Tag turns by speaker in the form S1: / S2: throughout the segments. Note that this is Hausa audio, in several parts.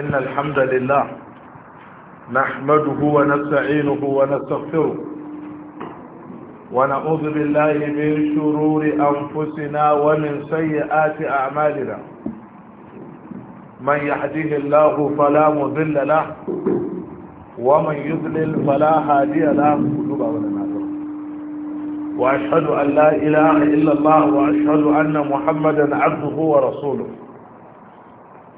S1: إن الحمد لله نحمده ونستعينه ونستغفره ونعوذ بالله من شرور أنفسنا ومن سيئات أعمالنا من يهديه الله فلا مذل له ومن يذلل فلا هادي له وأشهد أن لا إله إلا الله وأشهد أن محمدا عبده ورسوله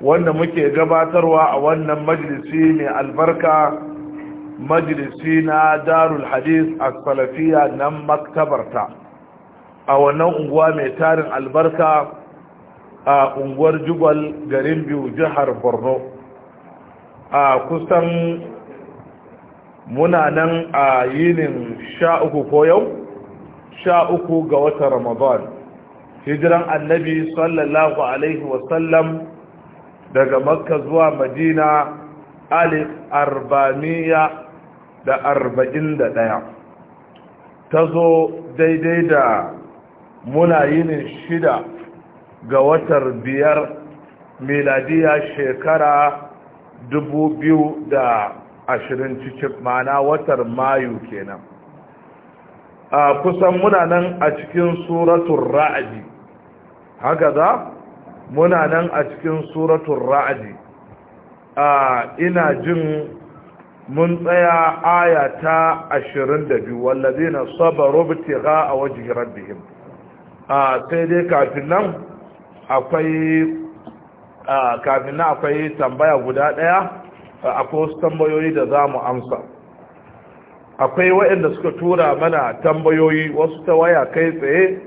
S1: wanda muke gabatarwa a wannan majalisi mai albarka majalisi na darul hadis a salafiya nan maktabarta a wannan unguwa mai tarin albarka a unguwar jugwal garin biyu jihar borno a kusan muna nan a yinin sha uku ko yau sha uku ga watan ramadan hijiran annabi sallallahu alaihi wasallam daga makka zuwa madina alif arba'amiya da arba'in da ɗaya ta zo daidai da muna yinin shida ga watar biyar miladiya shekara dubu biyu da ashirin cikin mana watar mayu kenan a kusan muna nan a cikin suratun ra'adi haka za muna nan a cikin suratun ra'adi a ina jin mun tsaya aya ta 22 wallazi na sabaru bitiga a wajen rabbihim a sai dai kafin nan akwai kafin nan akwai tambaya guda daya akwai wasu tambayoyi da za mu amsa akwai waɗanda suka tura mana tambayoyi wasu ta waya kai tsaye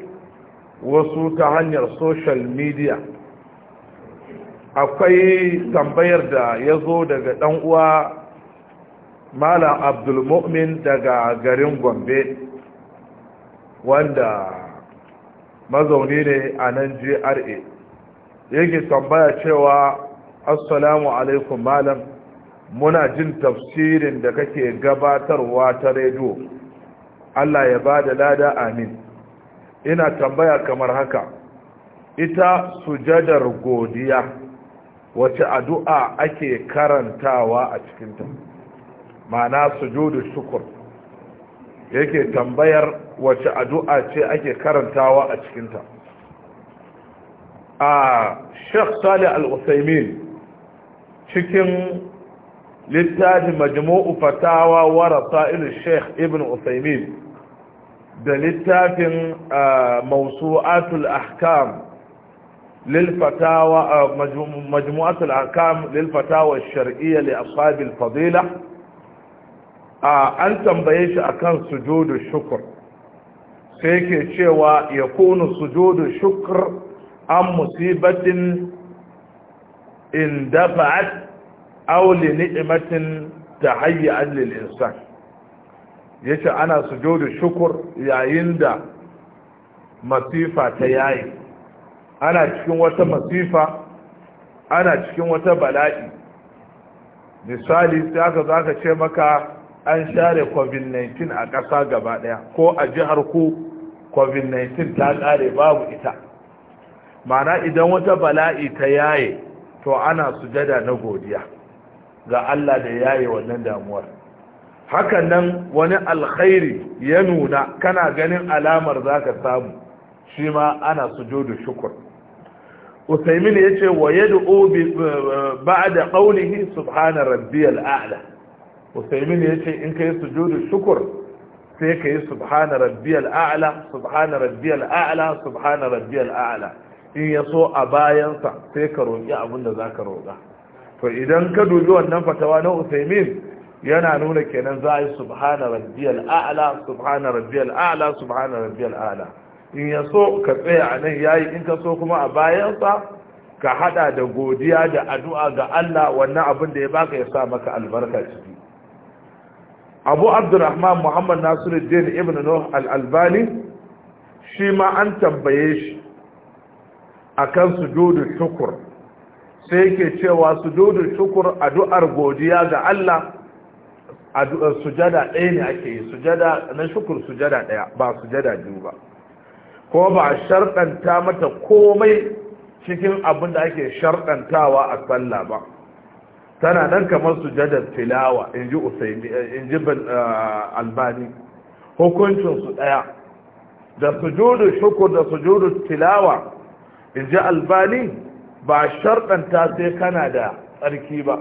S1: wasu ta hanyar social media akwai tambayar da ya zo daga ɗan uwa malam abdulmu'min daga garin gombe wanda mazauni ne a nan gra yake tambaya cewa assalamu alaikum malam muna jin tafsirin da kake gabatarwa ta rediyo allah ya ba da lada amin ina tambaya kamar haka ita sujadar godiya wace addu'a ake karantawa a cikinta ma'ana sujudu shukur yake tambayar wace addu'a ce ake karantawa a cikinta a sheikh salih al cikin littafin majmu'u fatawa wa rasail sheikh ibn usaimin da littafin mawsu'atul ahkam للفتاوى آه، مجموعة الأحكام للفتاوى الشرعية لأصحاب الفضيلة آه، أن تنبيش أكان سجود الشكر سيك شوى يكون سجود الشكر أم مصيبة إن دفعت أو لنعمة تهيئا للإنسان يشأ أنا سجود الشكر يا إندا مصيفة تياي ana cikin wata masifa ana cikin wata bala'i misali sai aka za ka ce maka an share covid-19 a ƙasa gaba ɗaya ko a jihar ku covid-19 ta ƙare babu ita mana idan wata bala'i ta yaye to ana sujada na godiya ga Allah da yaye wannan damuwar hakan nan wani alkhairi ya nuna kana ganin alamar za ka samu shi ma ana sujudu shukur usaimin ya ce wa yadda eh, obi ba da ƙaunihi subhana usaimin ya ce in ka yi sujudu shukur sai ka yi subhana rabbiyal a'la subhana rabbiyal a'la subhana a'la in ya so a bayansa sai ka roƙi abin da za ka roƙa to idan ka dubi wannan fatawa na usaimin yana nuna kenan za a yi subhana rabbiyal a'la subhana rabbiyal a'la subhana rabbiyal a'la in ya so ka tsaya a nan yayi in ka so kuma a bayansa ka hada da godiya da addu'a ga Allah wannan abin da ya baka ya sa maka albarka ciki Abu Abdurrahman Muhammad Nasiruddin Ibn Nuh Al-Albani shi ma an tambaye shi akan sujudu shukr sai yake cewa sujudu shukr addu'ar godiya ga Allah sujada ɗaya ne ake yi sujada na shukur sujada ɗaya ba sujada biyu ba ko ba a sharɗanta mata komai cikin abin da ake sharɗantawa a sallah ba tana nan kamar sujadar tilawa in ji eh, eh, albani hukuncinsu ɗaya da sujudu shukur da sujudu tilawa in ji albani ba sharɗanta sai kana da tsarki ba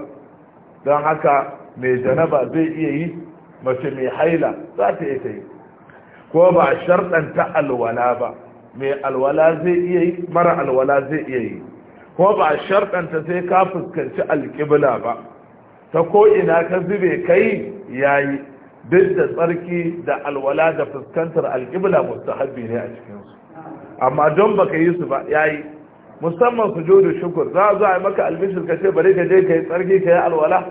S1: don haka mai janaba zai iya yi mace mai haila za ta iya ta yi ko ba sharɗanta alwala ba mai alwala zai iya yi mara alwala zai iya yi ko ba a sharɗanta sai ka fuskanci alƙibla ba ta ko ina ka zube kai yayi duk da tsarki da alwala da fuskantar alƙibla mustahabbi ne a cikinsu amma don baka yi su ba yayi musamman su jodo shukur za za a maka albishir ka ce bari ka je ka yi tsarki ka yi alwala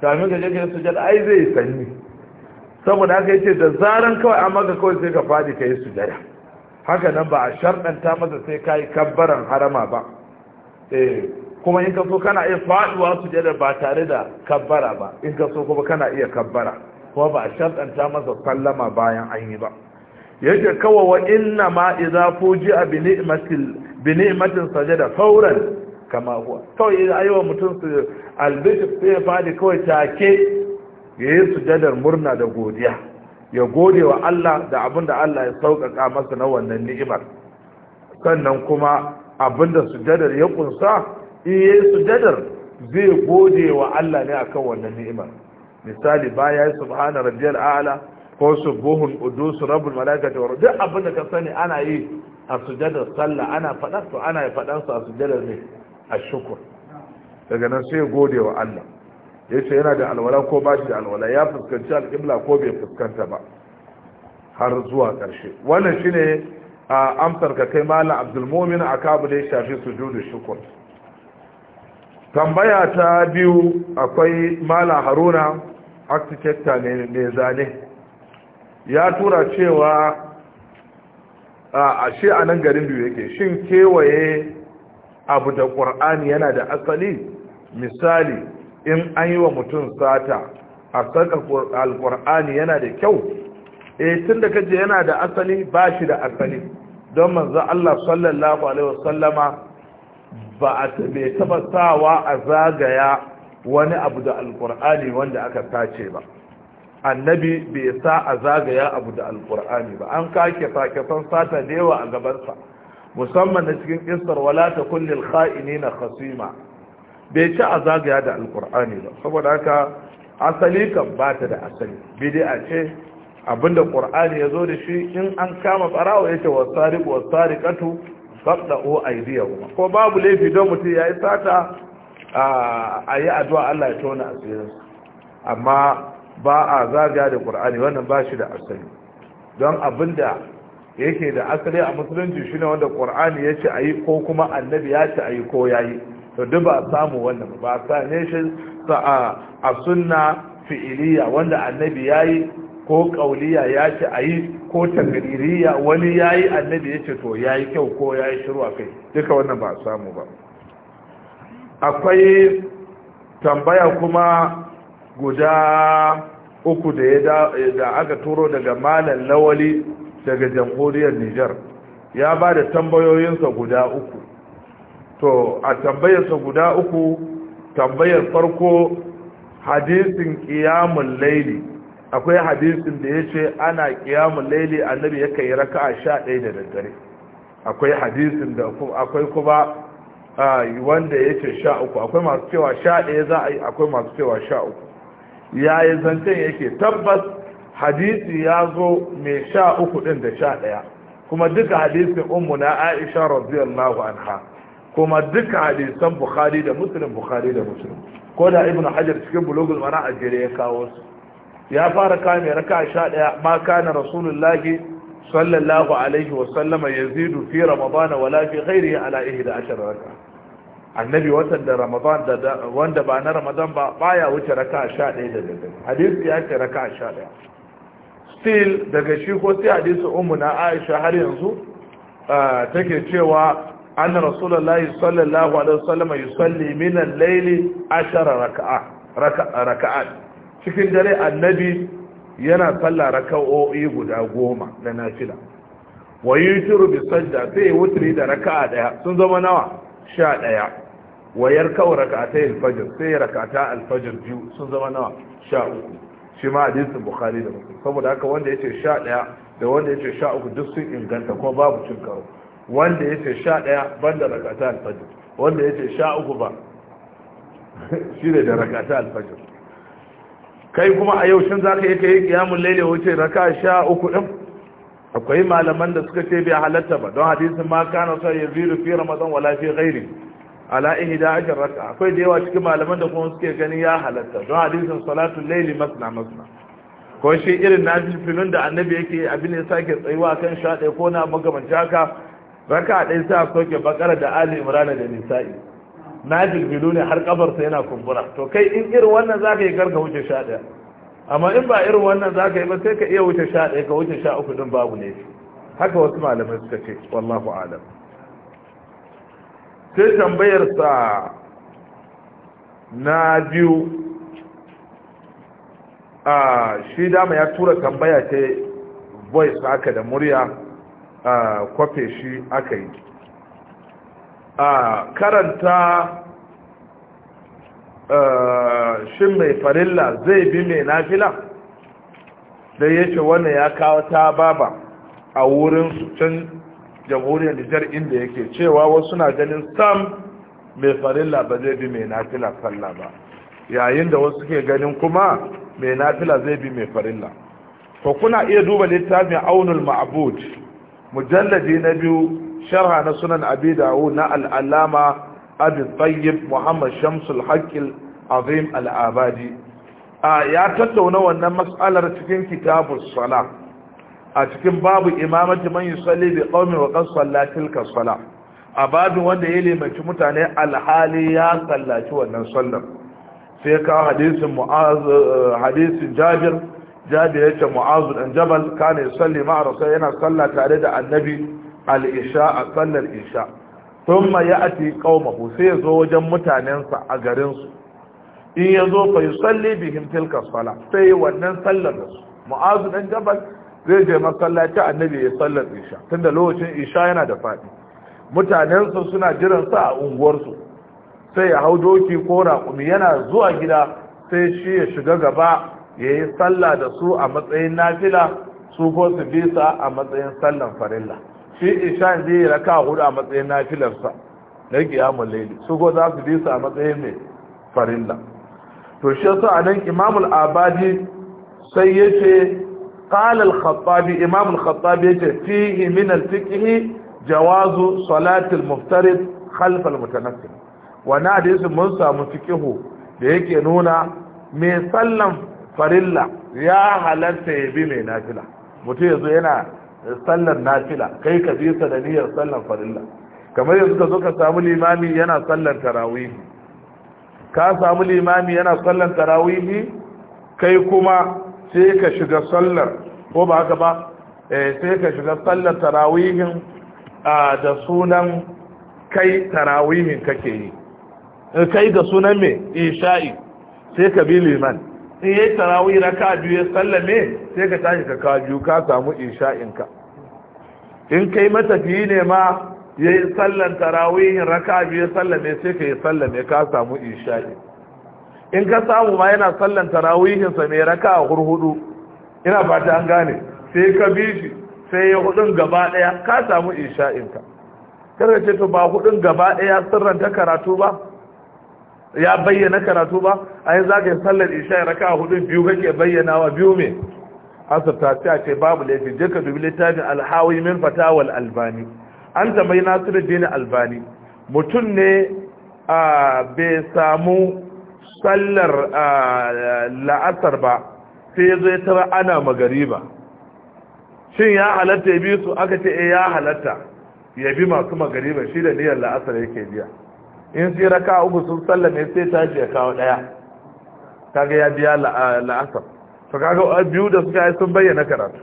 S1: kamin ka je ka yi sujada ai zai sanyi saboda haka yace da zaran kawai amma ka kawai sai ka fadi ka yi sujada haka nan ba a sharɗanta masa sai ka yi kabbaran harama ba eh, kuma in ka so kana iya faɗuwa su jada ba tare da kabbara ba in ka so kuma kana iya kabbara kuma ba a sharɗanta masa sallama bayan an yi ba yake kawai wa inna ma idza fuji bi bi ni'matin sajada fawran kama huwa kawai ayyuwa mutum su albishir sai ya fadi kawai take yayi sujadar murna da godiya ya gode wa Allah da abin da Allah ya sauƙaƙa masa na wannan ni'imar sannan kuma abin da sujadar ya ƙunsa, in ya yi sujadar zai gode wa Allah ne akan wannan ni'imar misali baya ya subhana rabbiyal a'la ko subuhun qudus rabbul malaikati wa duk abin da ka sani ana yi a sujadar sallah ana faɗa to ana faɗan su a sujadar ne a shukur daga nan sai gode wa Allah ya ce yana da alwala ko ba shi da alwala ya fuskanci alƙibla ko bai fuskanta ba har zuwa ƙarshe wannan shine a amsar ka kai malam abdulmumin a kabu da ya shafi sujudu shukur tambaya ta biyu akwai malam haruna architecta ne mai zane ya tura cewa a shi a nan garin biyu yake shin kewaye abu da ƙur'ani yana da asali misali in an yi wa mutum sata a saka alkur'ani yana da kyau e tun da kaje yana da asali ba shi da asali don manzo Allah sallallahu alaihi wasallama ba a tabe taba sawa a zagaya wani abu da alkur'ani wanda aka tace ba annabi bai sa a zagaya abu da alkur'ani ba an kake sakesan sata da yawa a gabansa musamman na cikin kistar wala ta kullil kha'inina khasima bai ci a zagaya da alkur'ani ba saboda haka asali kan ba ta da asali bidi'a ce abinda qur'ani ya zo da shi in an kama barawa yake wasariq o aidiya kuma ko babu laifi don mutum yayi sata a yi addu'a Allah ya tona asirin amma ba a zagaya da qur'ani wannan ba shi da asali don abinda yake da asali a musulunci shine wanda kur'ani ya a ayi ko kuma annabi ya a ayi ko yayi to duk ba samu wannan ba sa ne shi a sunna fi'iliya wanda annabi ya yi, ko kauliya ya ce a yi ko takaririya wani ya yi annabi ya ce to ya yi kyau ko ya yi a kai duka wannan ba a samu ba akwai tambaya kuma guda uku da aka turo daga malam lawali daga jamhuriyar nijar ya ba da tambayoyinsa guda uku to a tambayarsa guda uku tambayar farko hadisin ƙiyamun laili akwai hadisin da ya ce ana ƙiyamun laili annabi ya kai raka a sha ɗaya da daddare akwai hadisin da akwai kuma wanda ya ce sha uku akwai masu cewa sha ɗaya za a yi akwai masu cewa sha uku yi zancen yake tabbas hadisi ya zo mai sha uku ɗin da sha ɗaya kuma duka hadisin ummu na aisha radiyallahu anha kuma duka hadisan bukhari da muslim bukhari da muslim ko da ibnu hajar cikin bulugul mana a jere ya kawo su ya fara kame raka sha daya. ma kana rasulullahi sallallahu alaihi wa sallama yazidu fi ramadan wala fi ghairihi ala ihda ashar raka annabi watan da ramadan da wanda ba na ramadan ba baya wuce raka sha daya da daddare hadisi ya ce raka sha daya. still daga shi ko sai hadisi ummu na aisha har yanzu ah, take cewa anna rasulullahi sallallahu alaihi wasallam yusalli min al-layli 10 raka'a raka'at cikin dare annabi yana sallah raka'o'i guda goma na nafila wa yutiru bi sajda sai wutri da raka'a daya sun zama nawa 11 wa yarka'u raka'atay al-fajr sai raka'ata al biyu sun zama nawa 13 shi ma hadisin bukhari da muslim saboda haka wanda yace 11 da wanda yace 13 duk sun inganta kuma babu cin karo wanda ya ce sha ɗaya ban da rakata alfajir wanda ya ce sha uku ba shi ne da rakata alfajir kai kuma a yaushin za ka yi ka yi kiyamun laila wuce raka sha uku ɗin akwai malaman da suka ce bai halatta ba don hadisin ma kana sa ya ziru fi ramadan wala fi ghairi ala da ajr raka akwai da yawa cikin malaman da kuma suke ganin ya halatta don hadisin salatul laili masna masna ko shi irin nafilin da annabi yake abin ya sake tsayuwa kan sha ɗaya ko na magamanci haka raka a ɗaya sai a soke bakara da ali imrana da nisa'i na jirgilu ne har kabarsa yana kumbura to kai in irin wannan za ka yi garga wuce sha ɗaya amma in ba irin wannan za ka yi ba sai ka iya wuce sha ɗaya ka wuce sha uku ɗin babu ne haka wasu malamai suka ce wallahu alam sai tambayarsa na biyu a shi dama ya tura tambaya ce voice haka da murya kwafe shi aka yi a karanta shin mai farilla zai bi mai nafila da ya ce wanda ya kawo ta baba a wurin can jamhuriyar nijar inda yake cewa wasu na ganin sam mai farilla ba zai bi mai nafila falla ba yayin da wasu ke ganin kuma mai nafila zai bi mai farilla to kuna iya duba littafin aunul ma'abud mujalladi na biyu sharha na sunan abi dawo na al'alama abin tayyib muhammad shamsul haƙƙil azim al'abadi ya tattauna wannan matsalar cikin kitabun sala a cikin babu imamati man yi salli bi ƙaumin wa kan sallatil ka sala a babin wanda ya limanci mutane alhali ya sallaci wannan sallar sai kawo hadisin eh, jabir jabir yace mu'azu dan jabal kana yusalli ma'a rasul yana salla tare da annabi al-isha a sallar isha thumma ya'ti qaumahu sai yazo wajen mutanensa a garin su in yazo fa yusalli bihim tilka sala sai wannan sallar da su mu'azu dan jabal zai je masallaci annabi ya sallar isha tunda lokacin isha yana da fadi mutanensa suna jiran sa a unguwarsu sai ya hau doki ko raƙumi yana zuwa gida sai shi ya shiga gaba ya yi sallah da su a matsayin nafila su ko su bi sa a matsayin sallan farilla shi isha zai yi raka hudu a matsayin nafilarsa na kiyamun laili su ko za su bi sa a matsayin mai farilla to shi yasa a nan imamul abadi sai ya ce khattabi ya ce fihi فيه من jawazu جواز muftarid المفترض خلف المتنفل وانا حديث mun samu fiqhu da yake nuna mai sallan farilla ya halarta ya bi mai nafila mutum yanzu yana sallar nafila kai ka bi sa da niyyar sallar farilla kamar yanzu ka zo ka samu limami yana sallar tarawihi ka samu limami yana sallar tarawihi kai kuma sai ka shiga sallar ko ba haka ba eh, sai ka shiga sallar tarawihin da sunan kai tarawihin kake yi eh, kai da sunan mai isha'i sai ka bi liman in yayi tarawih ka biyu ya sallame sai ka tashi ka kaju ka samu In ka in kai matafiyi ne ma ya yi sallan tarawih ka biyu ya sallame sai ka yi sallame ka samu isha'in in ka samu ma yana sallan tarawihinsa sa mai raka hurhudu ina fata an gane sai ka bi shi sai ya hudun gaba daya ka samu isha'in ka kada ce to ba hudun gaba daya sirran ta karatu ba ya bayyana karatu ba a yin za sallar isha raka a hudu biyu kake bayyanawa biyu me asir ta ce a ce babu laifi je dubi littafin alhawi min fatawal albani an tambayi nasiru dini albani mutum ne a bai samu sallar la'asar ba sai ya zo tara ana magariba shin ya halatta ya bi su aka ce eh, ya halatta ya bi masu magariba shi da niyyar la'asar yake biya in sai raka uku sun sallame sai ta ya kawo daya kaga ya biya la'asar to kaga biyu da suka yi sun bayyana karatu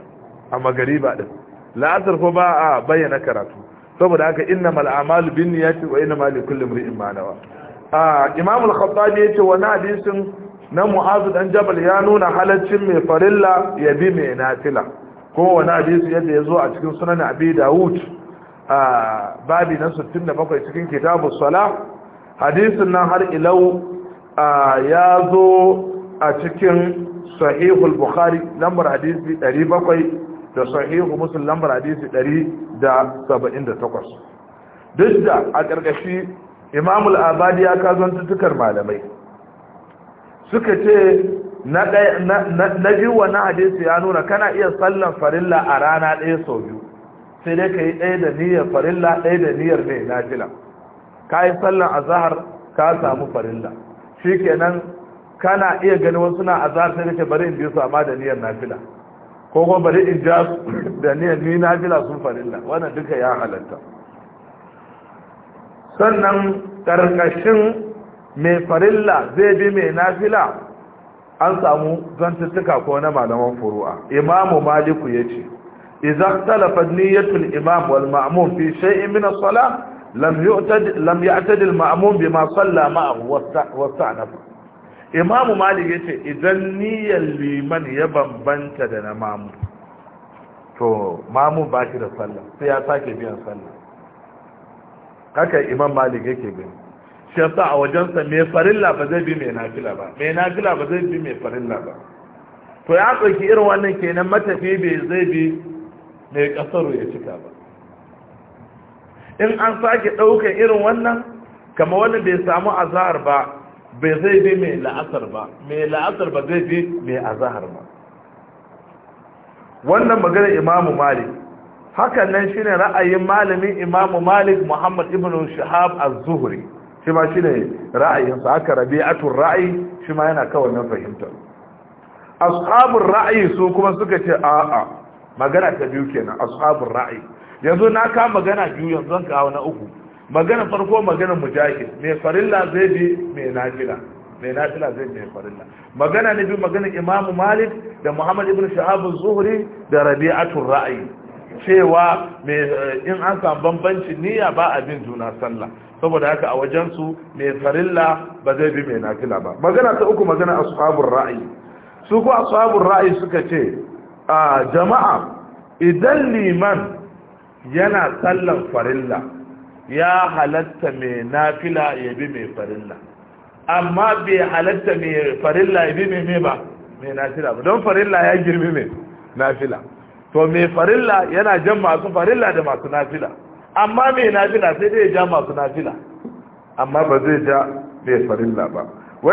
S1: a magariba din la'asar ko ba a bayyana karatu saboda haka innamal a'malu niyyati wa mali kulli imrin ma nawa ah imam al-khattabi yace wani hadisin na mu'azu dan jabal ya nuna halaccin mai farilla ya bi mai nafila ko wani hadisi yadda ya zo a cikin sunan abi dawud a babi na 67 cikin kitabu salah hadisin nan har ilau ya zo a cikin sahihul bukhari lambar hadisi 700 da sahihu muslim lambar hadisi 178 duk da a ƙarƙashi imamul abadi ya kazon tutukar malamai suka ce na biyu wannan hadisi ya nuna kana iya sallan farilla a rana ɗaya sau biyu sai dai ka yi ɗaya da niyyar farilla ɗaya da niyyar mai nafila ka yi sallan azahar ka samu farilla shi kenan kana iya gani wasu na azahar sai kake bari in bi su amma da niyyar nafila ko kuma bari in ja da niyyar ni nafila sun farilla wannan duka ya halatta sannan karkashin mai farilla zai bi mai nafila an samu zantuttuka ko na malaman furu'a imamu maliku ya ce idan niyyatul imam wal ma'mum fi shay'in min as-salah lam yu'tad lam ya'tad al-ma'mum bima salla ma'ahu wasta'nafa imam malik yace idan niyyar liman ya bambanta da na mamu to mamu ba shi da sallah sai ya sake biyan sallah haka imam malik yake gani shi yasa a wajensa mai farilla ba zai bi mai nafila ba mai nafila ba zai bi mai farilla ba to ya ɗauki irin wannan kenan matafi bai zai bi mai ƙasar ya cika ba in an sake ɗaukar irin wannan kama wanda bai samu azahar ba bai zai bi mai la'asar ba mai la'asar ba zai bi mai azahar ba wannan maganar imamu malik hakan nan shine ra'ayin malamin imamu malik muhammad ibn shahab az-zuhri shi ma shine ra'ayinsa haka rabi'atul ra'ayi shi ma yana kawai nan fahimtar ashabul ra'ayi su kuma suka ce a'a magana ta biyu kenan ashabun ra'ayi yanzu na ka magana biyu yanzu an kawo na uku magana farko magana mujahid mai farilla zai bi mai nafila mai nafila zai bi mai farilla magana ne bi magana imam malik da muhammad ibn shahab zuhri da rabi'atul ra'ayi cewa eh, in an samu bambancin niyya ba abin juna sallah saboda haka a wajensu mai farilla ba zai bi mai nafila ba magana ta uku magana abun ra'ayi su ko ra'ayi suka ce a ah, jama'a idan liman yana sallan farilla ya halatta mai nafila ya bi mai farilla amma bai halatta mai farilla ya bi mai mai ba mai nafila ba don farilla ya girme mai nafila to mai farilla yana jan masu farilla da masu nafila amma mai nafila sai dai ja masu nafila amma ba zai ja mai farilla ba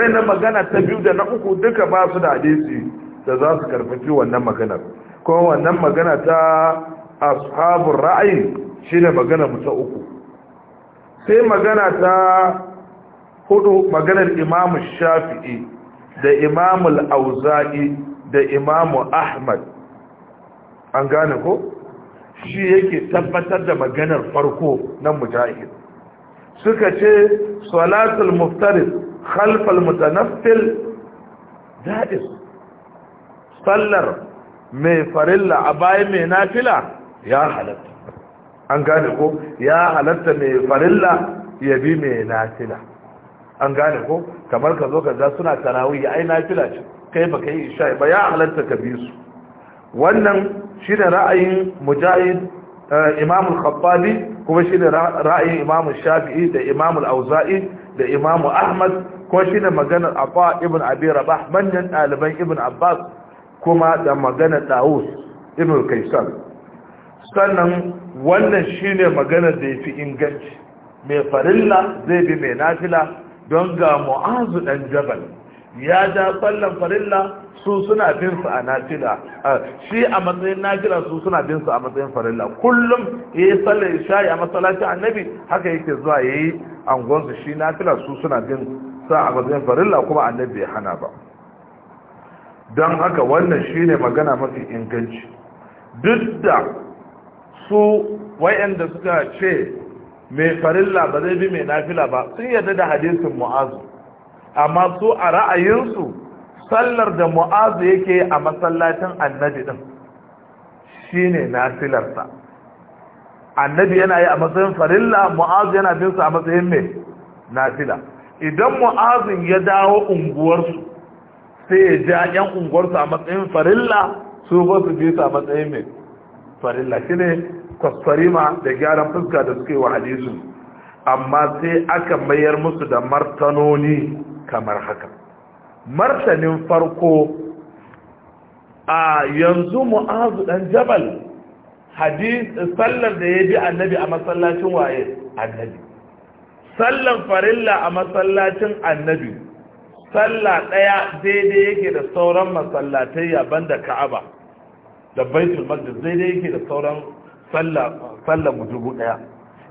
S1: na magana ta biyu da na uku duka ba su da hadisi da za su karfafi wannan maganar ko wannan magana ta ashabun ra'ayin shine ne magana mutu uku sai magana ta hudu maganar imamu shafi'i da imamu al'auza'i da imamu ahmad an gane ko shi yake tabbatar da maganar farko na mujahid suka ce salatul muftaris khalfal mutanaffil da'is sallar mai farilla a bayan mai nafila ya halatta an gane ko ya halatta mai farilla ya bi mai nafila an gane ko kamar ka zo ka za suna tarawih ai nafila ce kai ba kai isha ba ya halatta ka bi su wannan shi ne ra'ayin mujahid eh, imamul khattabi kuma shi ne ra'ayin imamul shafi'i da imamul auza'i da imamul ahmad kuma shi ne maganar abba ibn abi rabah manyan ɗaliban ibn abbas kuma da maganar dawus ibn kaisar sannan wannan shine magana da fi inganci mai farilla zai bi mai nafila don ga mu'azu ɗan jabal ya da sallan farilla su suna bin su a nafila shi a matsayin nafila su suna bin su a matsayin farilla kullum ya yi sallar shayi a matsalaci annabi haka yake zuwa ya yayi angonsu shi nafila su suna bin sa a matsayin farilla kuma annabi ya hana ba don haka wannan shine magana mafi inganci duk da su wayanda suka ce mai farilla ba zai bi mai nafila ba sun yarda da hadisin mu'azu amma su a ra'ayinsu sallar da mu'azu yake a masallacin annabi din shine nafilarsa annabi yana yi a matsayin farilla mu'azu yana bin su a matsayin mai nafila idan mu'azin ya dawo unguwarsu sai ya ja yan unguwarsu a matsayin farilla su ba su bi su a matsayin mai farilla shi ne kwaskwarima da gyaran fuska da suke wa hadisu amma sai aka mayar musu da martanoni kamar haka martanin farko a yanzu mu'azu dan jabal hadis sallar da ya bi annabi a masallacin waye annabi sallan farilla a masallacin annabi sallah ɗaya daidai yake da sauran masallatai ya banda ka'aba da baitul maqdis dai yake da sauran sallah sallah mujubu daya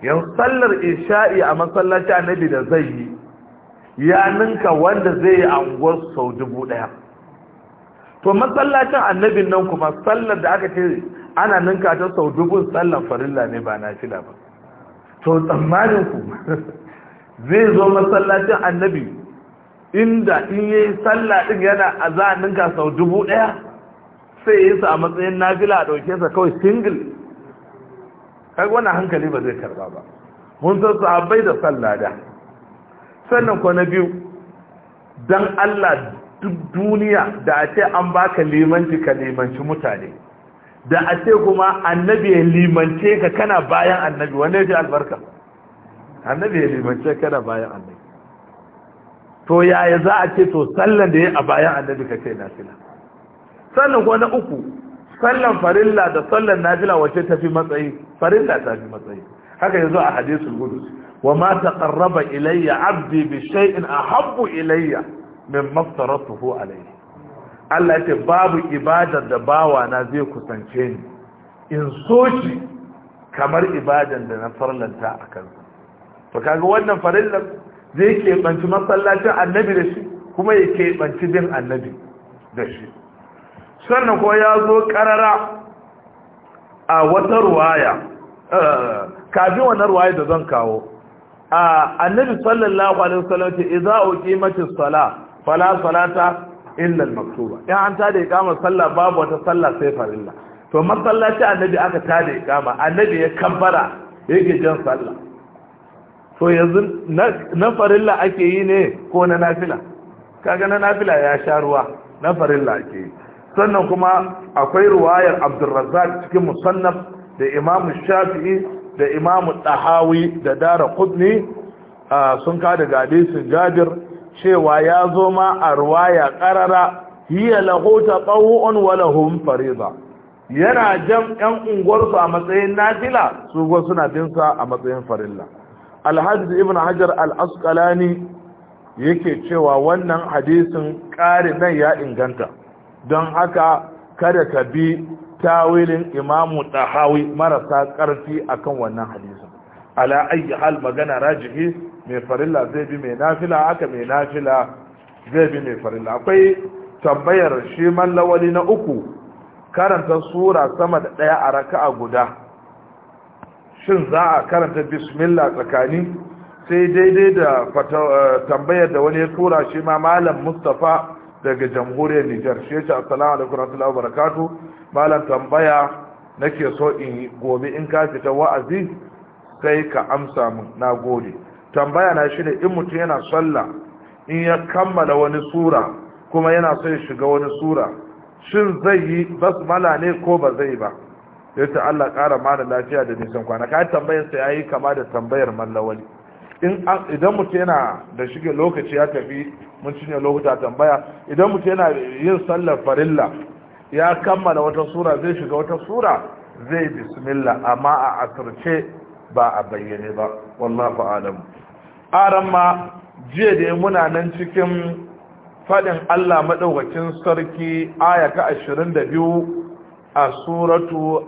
S1: yan sallar isha'i a masallaci annabi da zai yi ya ninka wanda zai yi anguwar sau dubu daya to masallacin annabin nan kuma sallar da aka ce ana ninka ta sau dubun sallar farilla ne ba na shida ba to tsammanin ku zai zo masallacin annabi inda in yi sallah din yana a ninka sau dubu daya sai yi su a matsayin nafila a ɗauke sa kawai single kai wani hankali ba zai karba ba mun san abai da sallah da sannan ko na biyu dan Allah duk duniya da a ce an baka limanci ka limanci mutane da a ce kuma annabi ya limance ka kana bayan annabi wanda ya albarka annabi ya limance ka kana bayan annabi to yaya za a ce to sallan da ya a bayan annabi ka ce na fila sannan ko na uku sallan farilla da sallan nafila wace tafi matsayi farilla tafi matsayi haka yazo a hadisul gudu wa ma taqarraba ilayya abdi bi shay'in ahabbu ilayya mimma aftaratuhu alayhi Allah ce babu ibadar da bawa na zai kusance ni in so shi kamar ibadan da na farlanta a kansa to kaga wannan farillar zai keɓanci masallacin annabi da shi kuma ya keɓanci bin annabi da shi sannan ko ya zo karara a wata ruwaya eh, kafin wannan ruwaya da zan kawo A annabi sallallahu alaihi wasallam ce idza uqimatis sala fala salata illa al-maktuba in an tada iqama sallah babu wata sallah sai farilla to masallaci annabi aka tada iqama annabi ya kabbara yake jan sallah to yanzu na farilla ake yi ne ko na nafila kaga na nafila ya sha ruwa na farilla ake yi sannan kuma akwai ruwayar Abdulrazak cikin musannaf da imamu shafi'i da imamu ɗahawi da dara kudni sun ka daga hadisin jabir cewa ya zo ma a ruwaya ƙarara hiya lahota ƙawu'un wa fariza yana jan ƴan unguwarsu a matsayin nafila su go suna binsa a matsayin farilla alhaji ibn hajar al-asqalani yake cewa wannan hadisin ƙari nan ya inganta don haka kada ka bi tawilin imamu tahawi marasa ƙarfi akan wannan hadisin ala ayi hal magana rajihi mai farilla zai bi mai nafila aka mai nafila zai bi mai farilla akwai tambayar shi mallawali na uku karanta sura sama da ɗaya a raka'a guda shin za a karanta bismillah tsakani sai daidai da eh, tambayar da wani ya tura shi ma malam mustapha daga jamhuriyar nijar shi yace assalamu alaikum warahmatullahi wabarakatuh malam tambaya nake so in gobe in ka fita wa'azi kai ka amsa min nagode tambaya na shine in mutum yana sallah in ya kammala wani sura kuma yana so ya shiga wani sura shin zai yi basmala ne ko ba zai ba yace Allah ƙara mana lafiya da nisan kwana ka tambayar sai yayi kama da tambayar mallawali idan mutu yana da shige lokaci ya tafi mun cinye lokuta tambaya idan mutu yana yin sallar farilla ya kammala wata sura zai shiga wata sura zai bismillah amma a asirce ba a bayyane ba wallahu alam aran ma jiya da muna nan cikin fadin Allah madaukakin sarki aya ta 22 a suratu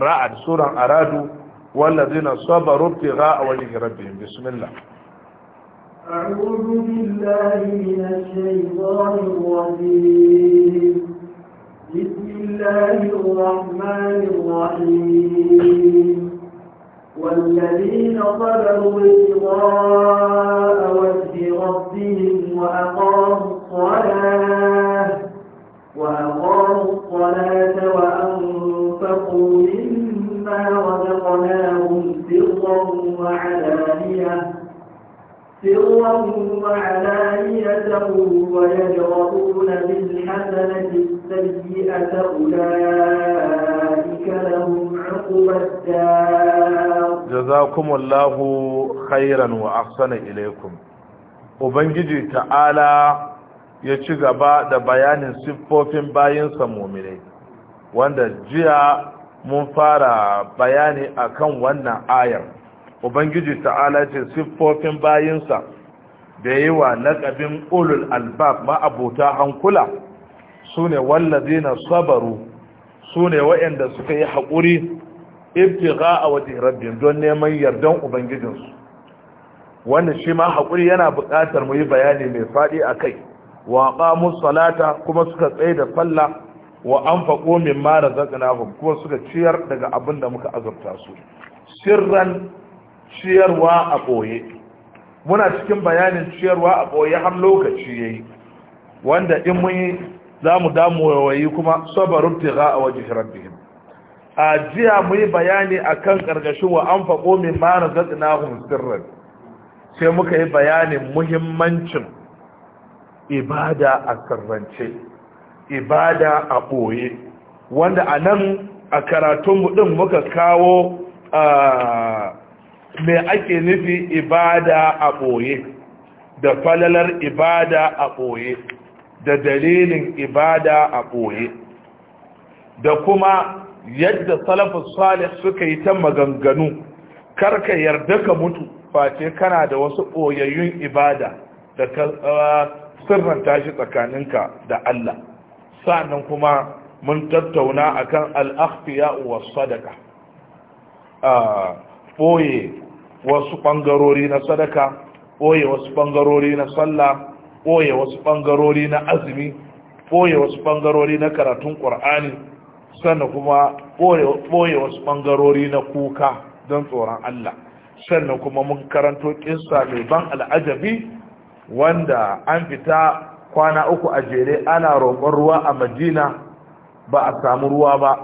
S1: ra'ad suran aradu والذين صبروا ابتغاء وجه ربهم بسم الله أعوذ بالله من الشيطان الرجيم بسم الله الرحمن الرحيم والذين صبروا ابتغاء وجه ربهم وأقاموا الصلاة وأقاموا الصلاة وأنفقوا لله مما رزقناهم سرا وعلانية سرا وعلانية ويجرؤون بالحسنة السيئة أولئك لهم عقبى الدار جزاكم الله خيرا وأحسن إليكم Ubangiji ta'ala ya ci gaba da bayanin siffofin bayinsa muminai wanda jiya mun fara bayani akan wannan ayar ubangiji ta'ala ce siffofin bayinsa da yi wa laƙabin ulul albab ma'abuta hankula su ne wallazina sabaru su ne waɗanda suka yi haƙuri ibtiga a wajen rabbin don neman yardan ubangijinsu wannan shi ma haƙuri yana buƙatar mu yi bayani mai faɗi a kai waƙa musalata kuma suka tsaye da sallah wa anfaqu mimma ku kuma suka ciyar daga abin da muka azabta su sirran ciyarwa a ɓoye muna cikin bayanin ciyarwa a ɓoye har lokaci ya yi wanda in mun yi za mu damu wayi kuma sabarun tiga a waje rabbihim a jiya mu yi bayani kan karkashin wa anfaqu mimma ku sirran sai muka yi bayanin muhimmancin ibada a sirrance ibada a ɓoye wanda a nan a karatunmu ɗin muka kawo mai ake nufi ibada a ɓoye da falalar ibada a ɓoye da dalilin ibada a ɓoye da kuma yadda salafin salih suka yi ta maganganu karka yarda ka mutu face kana da wasu ɓoyayyun ibada da ka sirranta shi tsakaninka da Allah sa'annan kuma mun tattauna akan al-akhfiya wa sadaka a boye wasu bangarori na sadaka boye wasu bangarori na sallah boye wasu bangarori na azumi boye wasu bangarori na karatun qur'ani sannan kuma boye wasu bangarori na kuka don tsoron Allah sannan kuma mun karanto kissa mai ban al'ajabi wanda an fita kwana uku a jere ana roƙon ruwa a madina ba a samu ruwa ba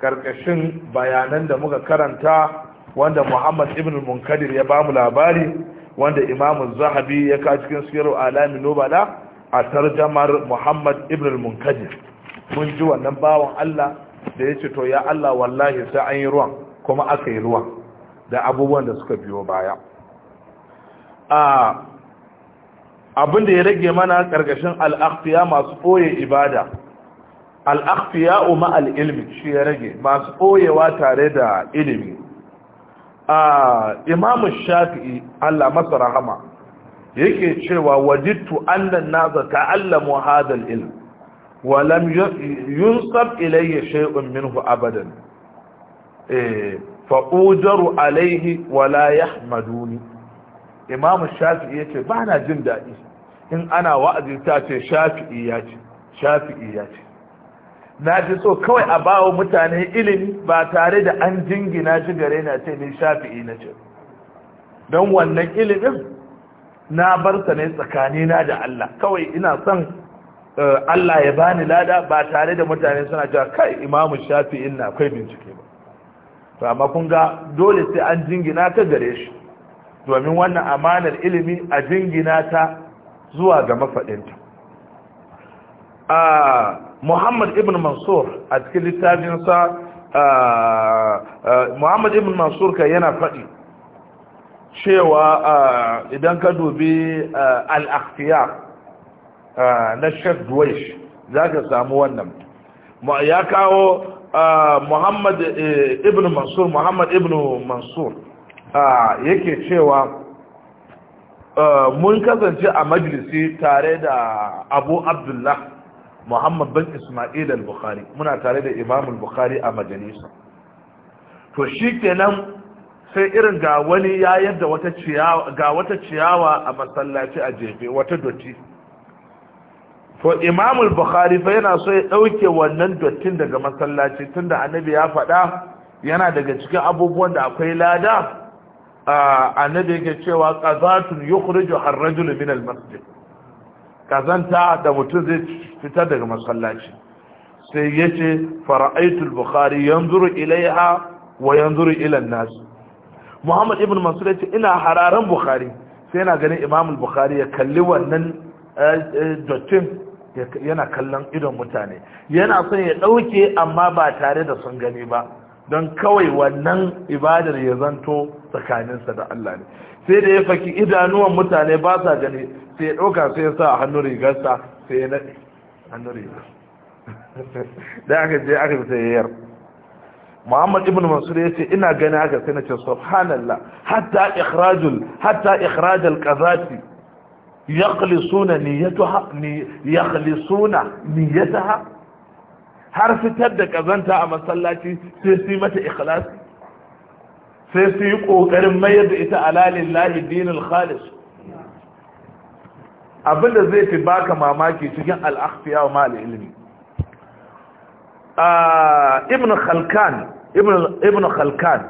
S1: ƙarƙashin bayanan da muka karanta wanda muhammad ibn munkadir ya bamu labari wanda imamun zahabi ya ka cikin siyarar alami nobala a tarjamar muhammad ibn munkadir mun ji wannan bawan allah da ya ce to ya allah wallahi sai an yi ruwan kuma aka yi ruwan da abubuwan da suka biyo baya ah, abin da ya rage mana ƙarƙashin al'aƙfiya masu ɓoye ibada al'aƙfiya ma al'ilmi shi ya rage masu ɓoyewa tare da ilimi a imamu shafi'i allah masa rahama yake cewa wajittu annan nasa ta'allamu hadal ilm wa lam yunsab ilayya shay'un minhu abadan eh fa ujaru alayhi wa la yahmaduni imamu shafi'i ya ce ba na jin daɗi in ana wa'azi ta ce shafi'i ya ce shafi'i ya ce na ji so kawai a bawo mutane ilimi ba tare da an jingina shi gare na ce ni shafi'i na ce don wannan ilimin na bar sa ne tsakanina da Allah kawai ina son eh, Allah ya bani lada ba tare da mutane suna cewa kai imamu shafi'in na akwai bincike ba to amma kun ga dole sai an jingina ka gare shi domin wannan amanar ilimi a jingina ta zuwa ga mafaɗinta muhammad ibn mansur a cikin littafinsa muhammad ibn mansur ka yana faɗi cewa idan ka dubi al'akhtiya na shek Duwai za ka samu wannan ya kawo muhammad eh, ibn mansur muhammad ibn mansur yake cewa mun kasance a majalisi tare da abu abdullah muhammad bin ismail al-bukhari muna tare da imam al-bukhari a majalisa to shi kenan sai irin ga wani ya yadda ga wata ciyawa a masallaci a jefe wata dotti to imam al-bukhari fa yana so ya dauke wannan dottin daga masallaci tunda annabi ya faɗa yana daga cikin abubuwan da akwai lada annabi yake cewa qazatun yukhriju ar-rajul min al-masjid kazanta da mutum zai fita daga masallaci sai yace fara'aitul bukhari yanzuru ilaiha wa yanzuru ila an-nas muhammad ibn mansur yace ina hararan bukhari sai yana ganin imam bukhari ya kalli wannan dottin yana kallon idon mutane yana son ya dauke amma ba tare da sun gani ba don kawai wannan ibadar ya zanto tsakaninsa da Allah ne sai da ya faki idanuwan mutane ba sa gani sai ya ɗauka sai ya sa a hannun rigarsa sai ya naɗe hannun rigar da aka je aka fi sayayyar muhammad ibn mansur ya ce ina gani aka sai na ce subhanallah hatta ikhrajul hatta ikhrajul qazati yakhlisuna niyyataha har fitar da kazanta a masallaci sai su yi mata ikhlas sai su yi kokarin mayar da ita alalin lahi dinul khalis abinda zai fi baka mamaki cikin al'akhfiya wa ma'al ah, ibn khalkan ibn khalkan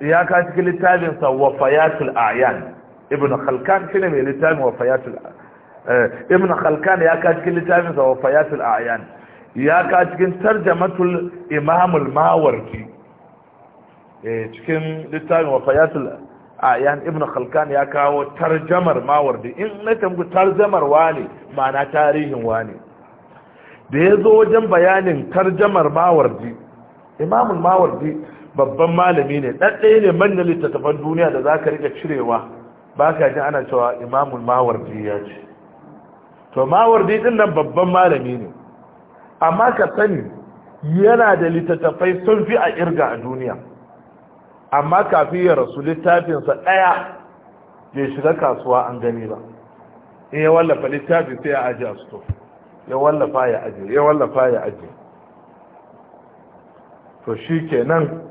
S1: ya ka cikin littafin sa wafayatul ayan ibn khalkan mai littafin eh, ibn khalkan ya ka cikin ayan ya ka cikin tarjamatul imamul mawarki eh, cikin littafin a ayan ibn khalkan ya kawo tarjamar mawardi in na tambu tarjamar wane ma'ana tarihin wane da ya zo wajen bayanin tarjamar mawardi imamul mawardi babban malami ne ɗaɗɗaya ne manyan littattafan duniya da za ka rika cirewa ba ka ji ana cewa imamul mawardi ya ce to mawardi ɗin nan babban malami ne amma ka sani yana da littattafai sun fi a irga a duniya amma kafin ya rasu littafinsa ɗaya ya shiga kasuwa an gani ba in ya wallafa littafi sai ya ajiye a sto ya wallafa ya ajiye ya wallafa ya ajiye to shi kenan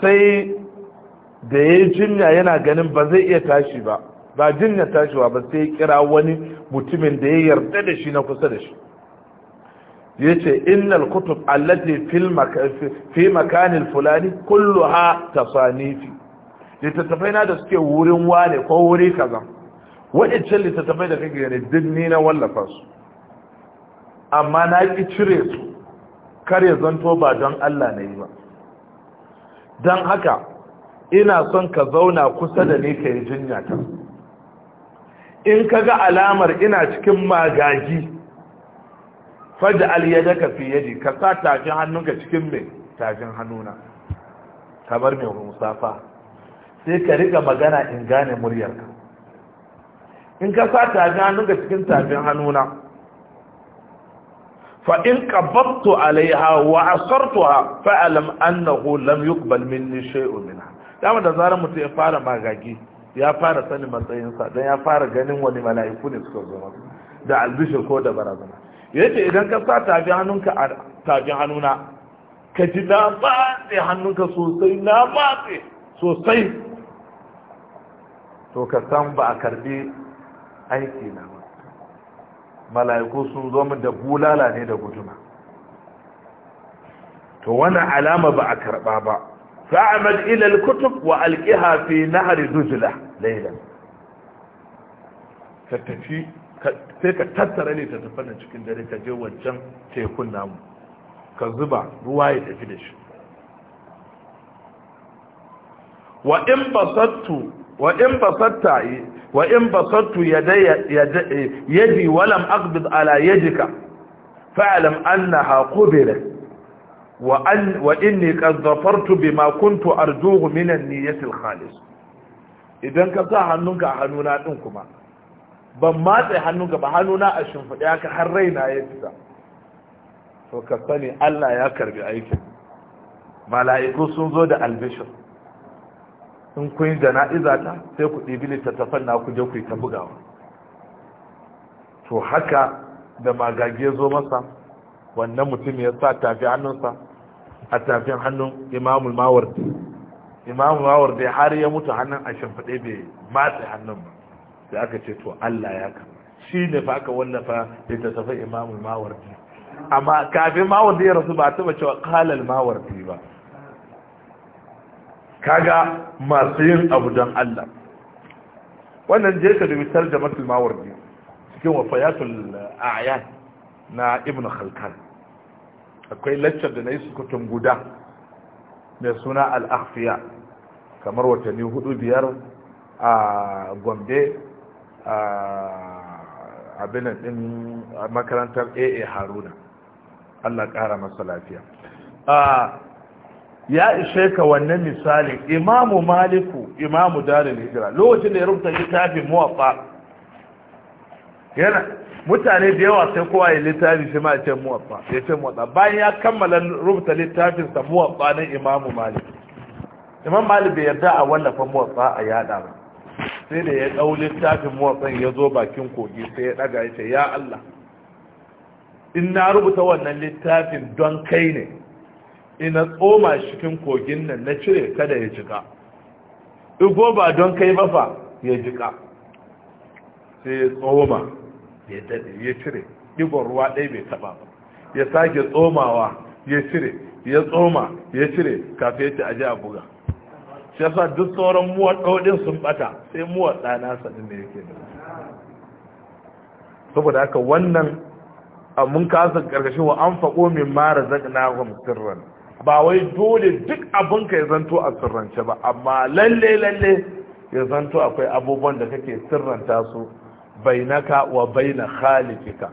S1: sai da ya yi jinya yana ganin ba zai iya tashi ba ba jinya tashiwa ba sai ya kira wani mutumin da ya yarda da shi na kusa da shi yace innal kutub allati fil fi makanil fulani kulluha tasanifi littattafai na da suke wurin wane ko wuri kaza waɗancan littattafai da kake gani duk ni na wallafa su amma na ki cire su kar ya zanto ba don Allah na yi ba don haka ina son ka zauna kusa da ni ka yi jinya in ka ga alamar ina cikin magaji faja ka ya daka ka sa tafin hannunka cikin mai tashin hannuna kamar mai musafa sai ka rika magana in gane muryarka in ka sa hannun hannunka cikin tafin hannuna fa in alaiha wa asartuha fa alam annahu lam yuqbal minni shay'un dama da zarar mutum ya fara magagi ya fara sani matsayinsa don ya fara ganin wani mala'iku ne suka zama da albishir ko da barazana ya ce idan ka sa tafi hannunka a tafi hannuna ka ji na matse hannunka sosai na matse sosai to ka san ba a karbi aiki na ba mala'iku sun zo min da bulala ne da guduma to wani alama ba a karba ba fa'amal ila al-kutub wa alqiha fi nahri dujla laylan ka tafi sai ka tattara ne ta tafi nan cikin dare ka je wancan tekun namu ka zuba ruwa ya tafi da shi wa in basattu wa in basatta wa in basattu yadi walam aqbid ala yadika fa'lam annaha qubilat wa an wa inni qad zafartu bima kuntu arjuhu min an-niyyati al-khalis idan ka sa hannunka a hannuna din kuma ban matse hannu gaba hannuna a shimfiɗe haka har raina ya fita to ka sani Allah ya karbi aikin mala'iku sun zo da albishir in kun jana'iza ta sai ku ɗibi littattafan na ku je ku yi ta bugawa to haka da magage zo masa wannan mutum ya sa tafi hannunsa a tafin hannun imamul mawar imamul mawar da har ya mutu hannun a shimfiɗe bai matse hannun ba da aka ce to Allah ya ka shi ne fa aka wallafa safa imamu mawardi amma kafin mawardi ya rasu ba ta ba cewa kalal mawardi ba kaga masu yin abu don Allah wannan je ka dubi tarjamatul mawardi cikin wafayatul a'yan na ibn khalkal akwai laccar da na yi sukutun guda mai suna al-akhfiya kamar watanni hudu biyar a gombe abinan din makarantar aa haruna allah ƙara masa lafiya ya ishe ka wannan misali imamu maliku imamu darin hijira lokacin da ya rubuta littafin muwaffa yana mutane da yawa sai kowa ya littafi shi ma ce muwaffa ya ce muwaffa bayan ya kammala rubuta littafinsa muwaffa na imamu malik imam malik bai yarda a wallafa muwaffa a yada ba sai da ya ɗau littafin motsin ya zo bakin kogi sai ya ɗaga ya ce ya Allah in na rubuta wannan littafin don kai ne ina tsoma cikin kogin nan na cire kada ya jika igo ba don kai ba fa ya jika sai ya tsoma ya daɗe ya cire ɗigon ruwa ɗaya bai taɓa ba ya sake tsomawa ya cire ya tsoma ya cire kafin ya ci aji a buga sai sa duk sauran muwa ɗin sun ɓata sai muwa nasa ɗin da yake da saboda haka wannan mun kasa karkashin wa an faƙo min mara na sirran ba wai dole duk abin ka ya zanto a sirrance ba amma lalle lalle ya zanto akwai abubuwan da kake sirranta su bainaka wa baina khalikika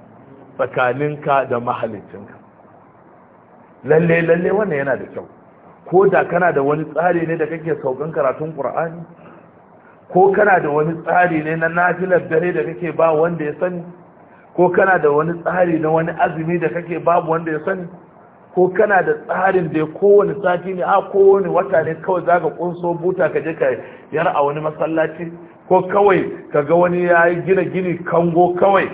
S1: tsakaninka da mahalicinka lalle lalle wannan yana da kyau ko da kana da wani tsari ne da kake saukan karatun ƙur'ani ko kana da wani tsari ne na nafilar dare da kake ba wanda ya sani ko kana da wani tsari na wani azumi da kake babu wanda ya sani ko kana da tsarin da kowane sati ne a kowane wata ne kawai za ka kunso buta ka je ka yar a wani masallaci ko kawai ka ga wani ya yi gina gini kango kawai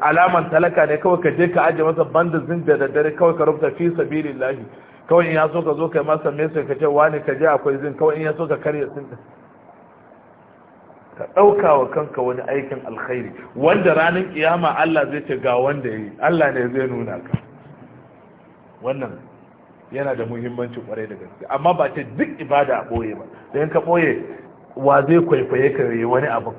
S1: alaman talaka ne kawai ka je ka aje masa bandazin da daddare kawai ka rubuta fi sabilillahi kawai in ya so ka zo kai masa sai ka ce wani ka je akwai zin kawai in ya so ka karya sun ka dauka wa kanka wani aikin alkhairi wanda ranar kiyama Allah zai ce ga wanda yi Allah ne zai nuna ka wannan yana da muhimmanci kwarai da gaske amma ba ta duk ibada a boye ba da ka boye wa zai kwaikwaye ka yi wani abu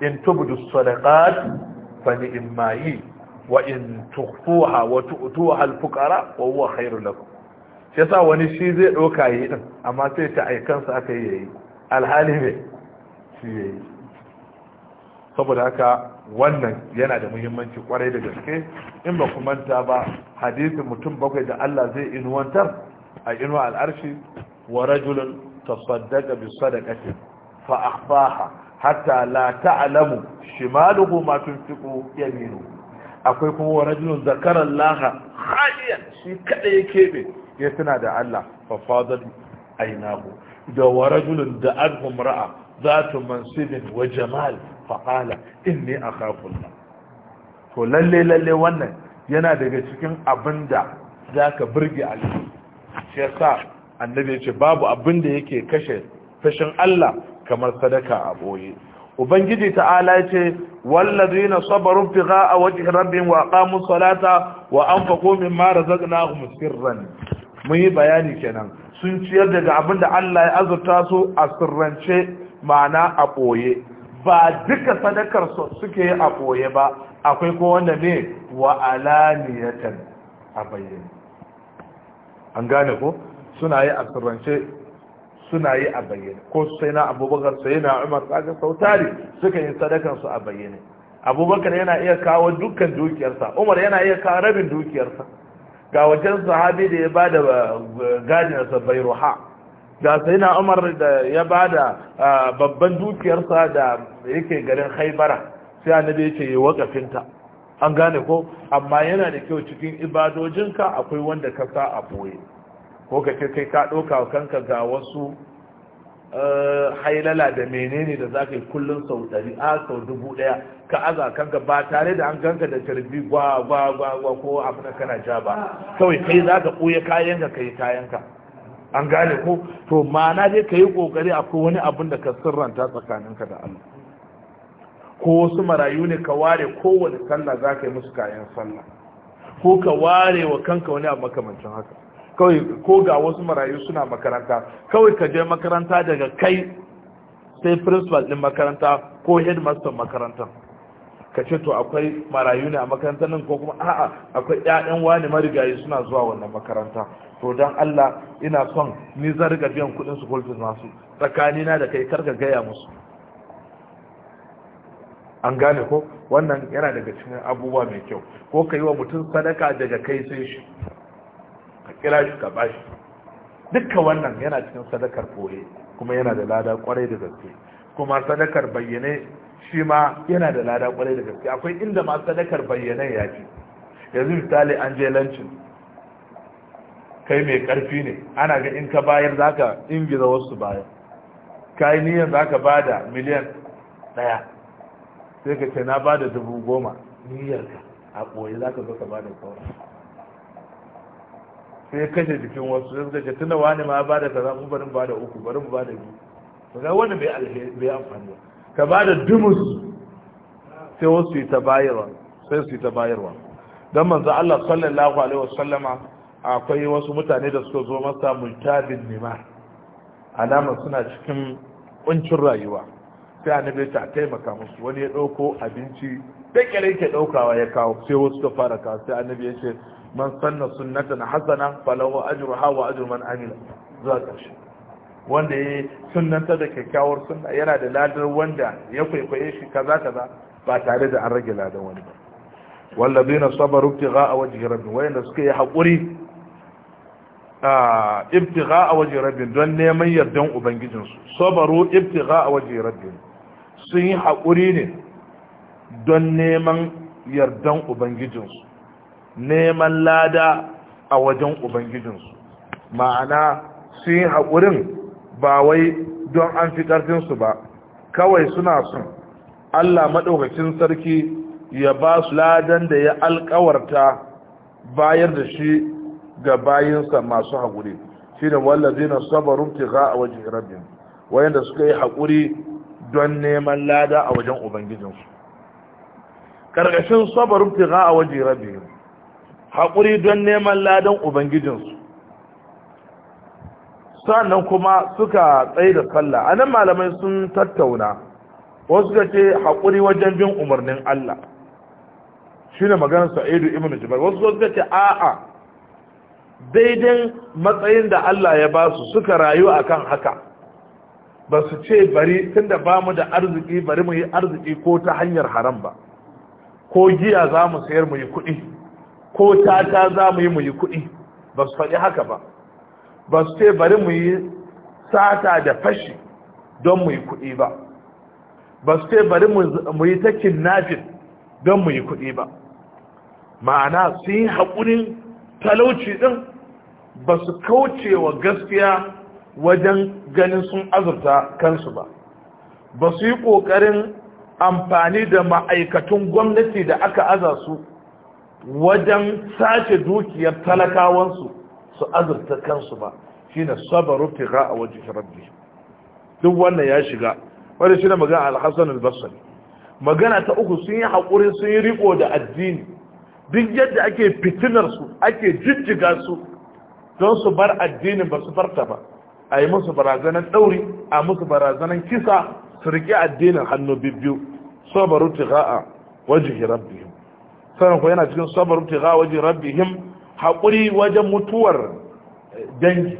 S1: in tubudu sadaqat fa ni'mayi wa in tukhfuha wa tu'tuha al-fuqara wa huwa khairul lakum ya sa wani shi zai ɗauka yi ɗin amma sai ta aikansa aka yi yayi alhali ne shi yi. saboda haka wannan yana da muhimmanci kwarai da gaske in ba ku manta ba hadisin mutum bakwai da Allah zai inuwantar a inuwa al'arshi wa rajulun tasaddaka bi sadaqatin fa akhfaha hatta la ta'lamu shimaluhu ma tunfiqu yaminu akwai kuma wa rajulun zakara Allah khaliyan shi kada yake be ya tuna da Allah fa fadat aynahu da wa rajulun da adhum ra'a zatu mansibin wa jamal fa in ne a Allah to lalle lalle wannan yana daga cikin abinda ka burge Allah shi yasa annabi ya ce babu abinda yake kashe fashin Allah kamar sadaka a boye ubangiji ta'ala ce wallazina ga a wajen rabin wa aqamu salata wa mara mimma razaqnahum sirran mun yi bayani kenan sun ciyar daga abin da Allah ya azurta su a sirrance ma'ana a ɓoye ba duka sadakar suke yi a ɓoye ba akwai ko wanda ne wa alaniyatan a bayyane an gane ko suna yi a sirrance suna yi a bayyane ko sai na abubakar sai na umar kaga sautari suka yi sadakar su a bayyane abubakar yana iya kawo dukkan dukiyarsa umar yana iya kawo rabin dukiyarsa ga wajen sahabi da ya bada uh, gadinsa bairuha ga sai na umar da ya bada uh, babban dukiyarsa da yake garin haibara sai annabi yake yi wakafinta an gane ko amma yana da kyau cikin ibadojinka akwai wanda ka sa a boye ko ka ce kai ka ɗauka kanka ga wasu hailala da menene da za ka yi kullum sau ɗari a sau dubu ɗaya ka aza kanka ba tare da an ganka da tarbi gwa gwa gwa gwa ko abin kana ja ba kawai kai za ka ɓoye kayan ka yi kayan ka an gane ko to ma'ana dai ka yi ƙoƙari akwai wani abin da ka sirranta tsakaninka da Allah ko wasu marayu ne ka ware kowane sallah za ka yi musu kayan sallah ko ka ware wa kanka wani abu makamancin haka kawai ko ga wasu marayu suna makaranta kawai ka je makaranta daga kai sai principal din makaranta ko headmaster makaranta ka ce to akwai marayu ne a makarantar nan ko kuma a'a akwai ƴaƴan wani marigayi suna zuwa wannan makaranta to dan Allah ina son ni zan riga biyan kuɗin su fees masu na da kai kar ka gaya musu an gane ko wannan yana daga cikin abubuwa mai kyau ko ka yi wa mutum sadaka daga kai sai shi kira shi ka bashi dukkan wannan yana cikin sadakar koye kuma yana da lada kwarai da gaske kuma sadakar bayyane shi ma yana da lada kwarai da gaske akwai inda ma sadakar bayyane ya ce yanzu misali an je lancin kai mai karfi ne ana ga in ka bayar za ka ingiza wasu bayan kayi niyan za ka bada miliyan ɗaya sai ka ce na bada dubu goma niyyarka a ɓoye za ka zo ka bada sauran sai ya kashe jikin wasu sai suka ce tuna wani ma ba da kaza mun barin ba da uku barin ba da biyu to ga wanda bai alheri bai amfani ka ba da dumus sai wasu yi ta bayarwa sai su yi ta bayarwa dan manzo Allah sallallahu alaihi wasallama akwai wasu mutane da suka zo masa mutabin nima alama suna cikin kuncin rayuwa sai annabi ta taimaka musu wani ya dauko abinci da kare ke daukawa ya kawo sai wasu ta fara kawo sai annabi ya ce man sanna sunnatan hasana falahu ajruha wa ajru man amila zuwa ƙarshe wanda ya sunnanta da kyakkyawar sunna yana da ladar wanda ya kwaikwaye shi kaza kaza ba tare da an rage ladan wani ba wallazina sabaru ibtigha'a wajhi rabbihim wayanda suka yi hakuri a ibtigha'a wajhi rabbihim don neman yardan ubangijin su sabaru ibtigha'a wajhi rabbihim sun yi hakuri ne don neman yardan ubangijin su neman lada a wajen ubangijinsu ma'ana su yi haƙurin ba wai don an fi ƙarfinsu ba kawai suna son allah maɗaukacin sarki ya ba su ladan da ya alƙawarta bayar da shi ga bayinsa masu haƙuri shi ne wallazi na sabarun tiga a wajen rabin wayanda suka yi haƙuri don neman lada a wajen ubangijinsu ƙarƙashin sabarun tiga a wajen rabin haƙuri don neman ladan ubangijinsu sannan kuma suka tsaye da sallah a nan malamai sun tattauna wasu suka ce haƙuri wajen bin umarnin Allah shi ne maganar sa'idu ibn jubar wasu suka ce a'a daidai matsayin da Allah ya ba su suka rayu akan haka ba su ce bari tun da ba mu da arziki bari mu yi arziki ko ta hanyar haram ba ko giya za mu sayar mu yi kuɗi ko tata za mu yi mu yi kuɗi ba su faɗi haka ba ba su ce bari mu yi sata da fashi don mu yi kuɗi ba ba su ce bari mu yi ta kinnafin don mu yi kuɗi ba ma'ana su yi haƙurin talauci ɗin ba su kauce wa gaskiya wajen ganin sun azurta kansu ba ba su yi ƙoƙarin amfani da ma'aikatun gwamnati da aka aza su wajen sace dukiyar talakawansu su azurta kansu ba shi ne sabarun tiga a wajen rabbi duk wannan ya shiga wadda shi ne magana alhassan hassan magana ta uku sun yi haƙuri sun yi riko da addini duk yadda ake fitinarsu ake jijjiga su don su bar addinin ba su farta ba a yi musu barazanar ɗauri a musu barazanar kisa su riƙe addinin hannu biyu sabarun tiga a wajen rabbi. sannan yana cikin sabar tiga waje rabbihim haƙuri wajen mutuwar eh, dangi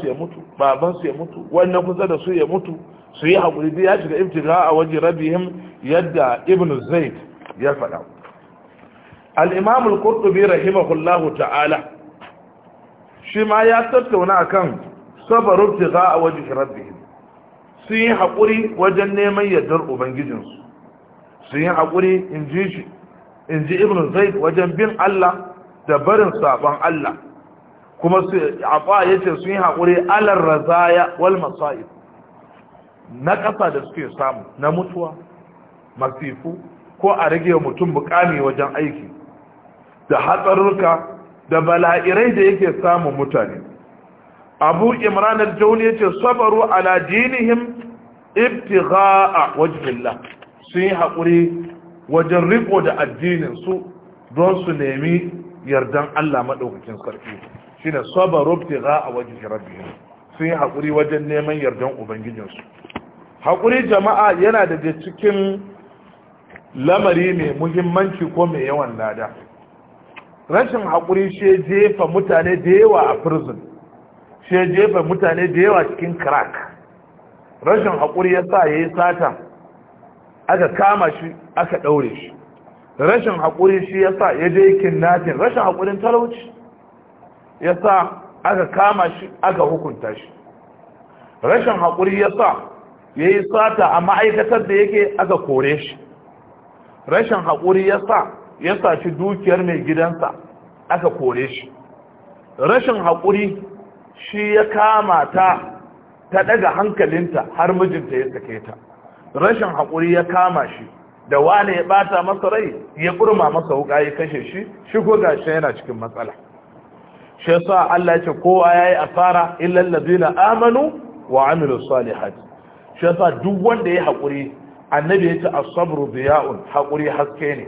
S1: su ya mutu babansu ya mutu wannan kusa da su ya mutu su yi haƙuri ya shiga ibtiga a waje rabbihim yadda ibn zaid ya faɗa al-imam al-qurtubi rahimahullahu ta'ala shi ma ya tattauna akan sabar ibtiga a wajen rabbihim sun yi haƙuri wajen neman yardar ubangijinsu sun yi haƙuri in ji shi in ji ibn zaid wajen bin Allah da barin sabon Allah kuma su afa yace sun yi haƙuri alar razaya wal masa'ib na ƙasa da suke samu na mutuwa masifu ko a rage mutum buƙami wajen aiki da hatsarurka da bala'irai da yake samun mutane abu imran al-jawli yace sabaru ala dinihim ibtigha'a wajhillah sun yi haƙuri wajen riko da addinin su don su nemi yardan Allah maɗaukakin sarki shine sabaru ibtigha a wajen rabbihim sun yi hakuri wajen neman yardan ubangijinsu haƙuri jama'a yana daga cikin lamari mai muhimmanci ko mai yawan lada rashin hakuri shi jefa mutane da yawa a prison shi jefa mutane da yawa cikin crack rashin haƙuri ya sa ya yi satan. aka kama shi aka ɗaure shi rashin haƙuri shi ya sa ya je kinnatin rashin haƙurin talauci ya sa aka kama shi aka hukunta shi rashin haƙuri ya sa ya yi sata a ma'aikatar da yake aka kore shi rashin haƙuri ya sa ya sa shi dukiyar mai gidansa aka kore shi rashin haƙuri shi ya kama ta ta ɗaga hankalinta har mijinta ya sake ta rashin haƙuri ya kama shi da wane ya bata masa rai ya kurma masa wuƙa ya kashe shi shi ko gashi yana cikin matsala shi yasa Allah ya ce kowa yayi asara illa allazina amanu wa amilu salihat shi yasa duk wanda ya haƙuri annabi ya ce as-sabru diya'un haƙuri haske ne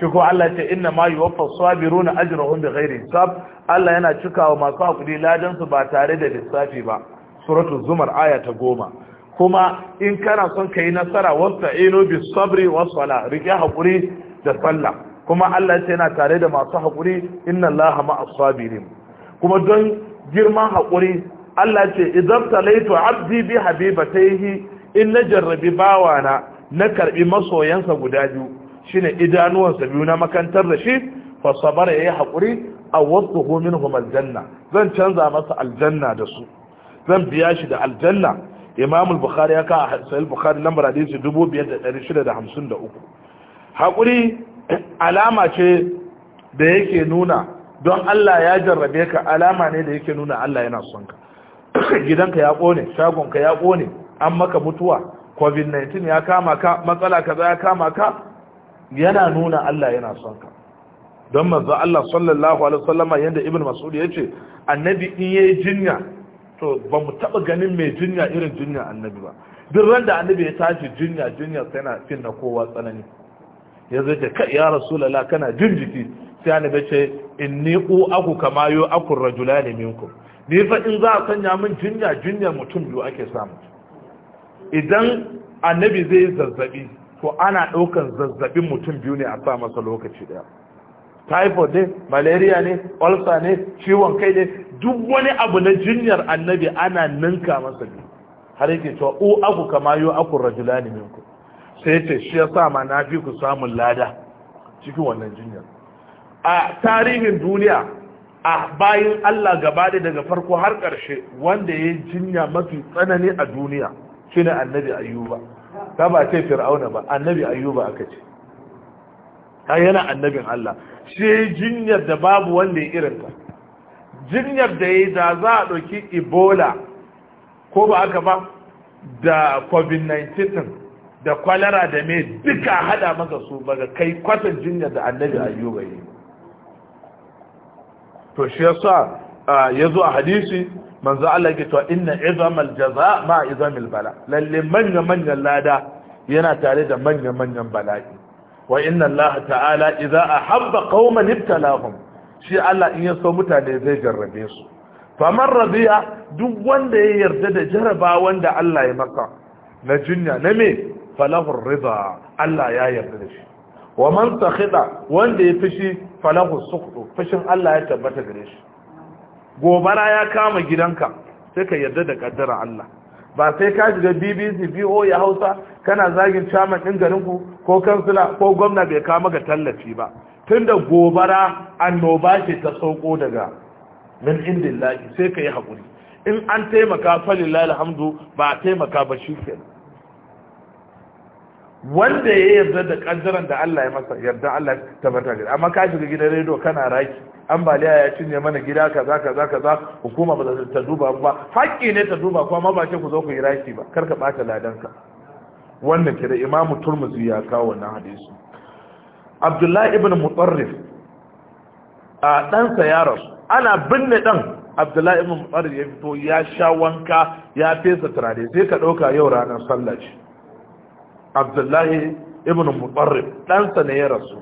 S1: shi ko Allah ya ce inna ma yuwaffa sabiruna ajrahum bighairi hisab Allah yana cikawa masu haƙuri ladan su ba tare da lissafi ba suratul zumar aya ta goma kuma in kana son ka yi nasara wasu ino bi sabri wa sala rike haƙuri da sallah kuma Allah ce yana tare da masu haƙuri inna Allah ma'as sabirin kuma don girman haƙuri Allah ce idan talaitu abdi bi habibataihi in na jarrabi bawana na karbi masoyansa guda biyu shine idanuwansa biyu na makantar da shi fa sabara yayi haƙuri a wasu minhum aljanna zan canza masa aljanna da su zan biya shi da aljanna imam bukhari ya ka sahih bukhari lambar hadisi 5653 hakuri alama ce da yake nuna don Allah ya jarrabe ka alama ne da yake nuna Allah yana son ka gidanka ya ƙone, shagonka ya ƙone, an maka mutuwa covid-19 ya kama ka matsala kaza ya kama ka yana nuna Allah yana son ka don manzo Allah sallallahu alaihi wasallama yanda ibnu mas'ud ce annabi in yi jinya to ba mu taɓa ganin mai jinya irin jinya annabi ba duk randa annabi ya tashi jinya jinya tana fin na kowa tsanani ya zai ce kai ya lala kana jin jiki sai annabi ce inni ku aku kama yo aku rajulani minkum ni fa in za a sanya min jinya jinya mutum biyu ake samu idan annabi zai zazzabi to ana ɗaukan zazzabin mutum biyu ne a sa masa lokaci ɗaya typhoid ne malaria ne ulcer ne ciwon kai ne duk wani abu na jinyar annabi ana ninka masa ne har yake cewa u aku kama yo aku rajulani minku sai ce shi ya sa ma na fi ku samun lada cikin wannan jinyar a tarihin duniya a bayin Allah gaba da daga farko har karshe wanda ya jinya mafi tsanani a duniya shine annabi ayyuba ta ba ce fir'auna ba annabi ayyuba aka ce ka yana annabin Allah shi jinyar da babu wanda ya irinta jinyar da ya da za a ɗauki ebola ko ba aka ba da covid-19 da kwalara da mai duka hada maka su ga kai kwatan jinyar da annabi ayyuba yi to shi yasa ya zo a hadisi manzo Allah ke cewa inna izamal jaza ma izamil bala lalle manya manyan lada yana tare da manya manyan bala'i wa inna Allah ta'ala idza ahabba qauman ibtalahum shi Allah in ya mutane zai jarrabe su faman radiya duk wanda ya yarda da jaraba wanda Allah ya maka na jinya na me falahu rida Allah ya yarda da shi wa man sakhida wanda ya fishi falahu sukhdu fishin Allah ya tabbata gare shi gobara ya kama gidanka sai ka yarda da kaddara Allah ba sai ka shiga bbc bo ya hausa kana zagin chairman ɗin garinku ko kansila ko gwamna bai kama ga tallafi ba tunda gobara annoba ce ta sauko daga min indillahi sai ka yi haƙuri in an taimaka falillahi alhamdu ba a taimaka ba shi kenan wanda ya yarda da kaddaran da Allah ya masa yarda Allah tabbata gida amma ka shiga gidan rediyo kana raki ambaliya ya cinye mana gida kaza kaza kaza hukuma ba ta duba ba haƙƙi ne ta duba kuma ba ce ku zo ku yi raki ba kar ka bata ladanka wannan kira Imam Turmuzi ya kawo wannan hadisi Abdullahi ibn Mutarrif a sa ya rasu ana binne dan Abdullahi ibn Mutarrif ya fito ya sha wanka ya fesa turare sai ka ɗauka yau ranar sallah ce abdullahi ibn mutarrif ɗansa ne ya rasu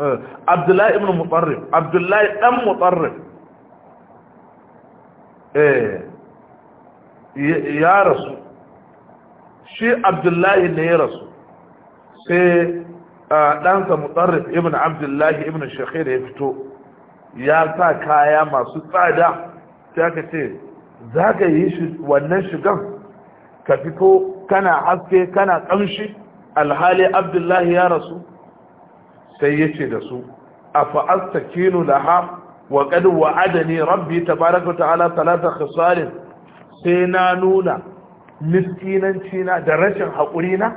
S1: eh, abdullahi ibn mutarrif abdullahi ɗan mutarrif eh, ya rasu shi abdullahi ne ya rasu sai eh, ɗansa mutarrif ibn abdullahi ibn shakhir ya fito ya sa kaya masu tsada sai aka ce za ka yi wannan shigan ka fito kana haske kana ƙamshi alhali abdullahi ya rasu sai ya ce da su a fa'asta kinu ha wa ƙadu wa'adani rabbi ta baraka ta'ala talata khisalin sai na nuna miskinanci na da rashin haƙuri na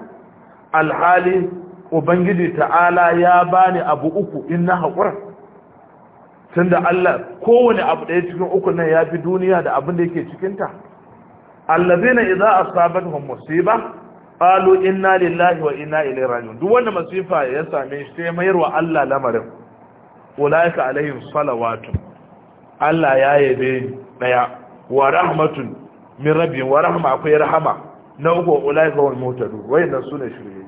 S1: alhali ubangiji ta'ala ya bani abu uku in na haƙura tun da Allah kowane abu ɗaya cikin uku nan ya fi duniya da abin da yake cikinta allazina idza asabatuhum musiba qalu inna lillahi wa inna ilaihi raji'un duk wanda masifa ya same shi sai mayar wa Allah lamarin ulaika alaihim salawatun Allah ya yabe daya wa rahmatun min rabbi wa rahma akwai rahama na uku ulaika wal mutadu wayannan sune shirye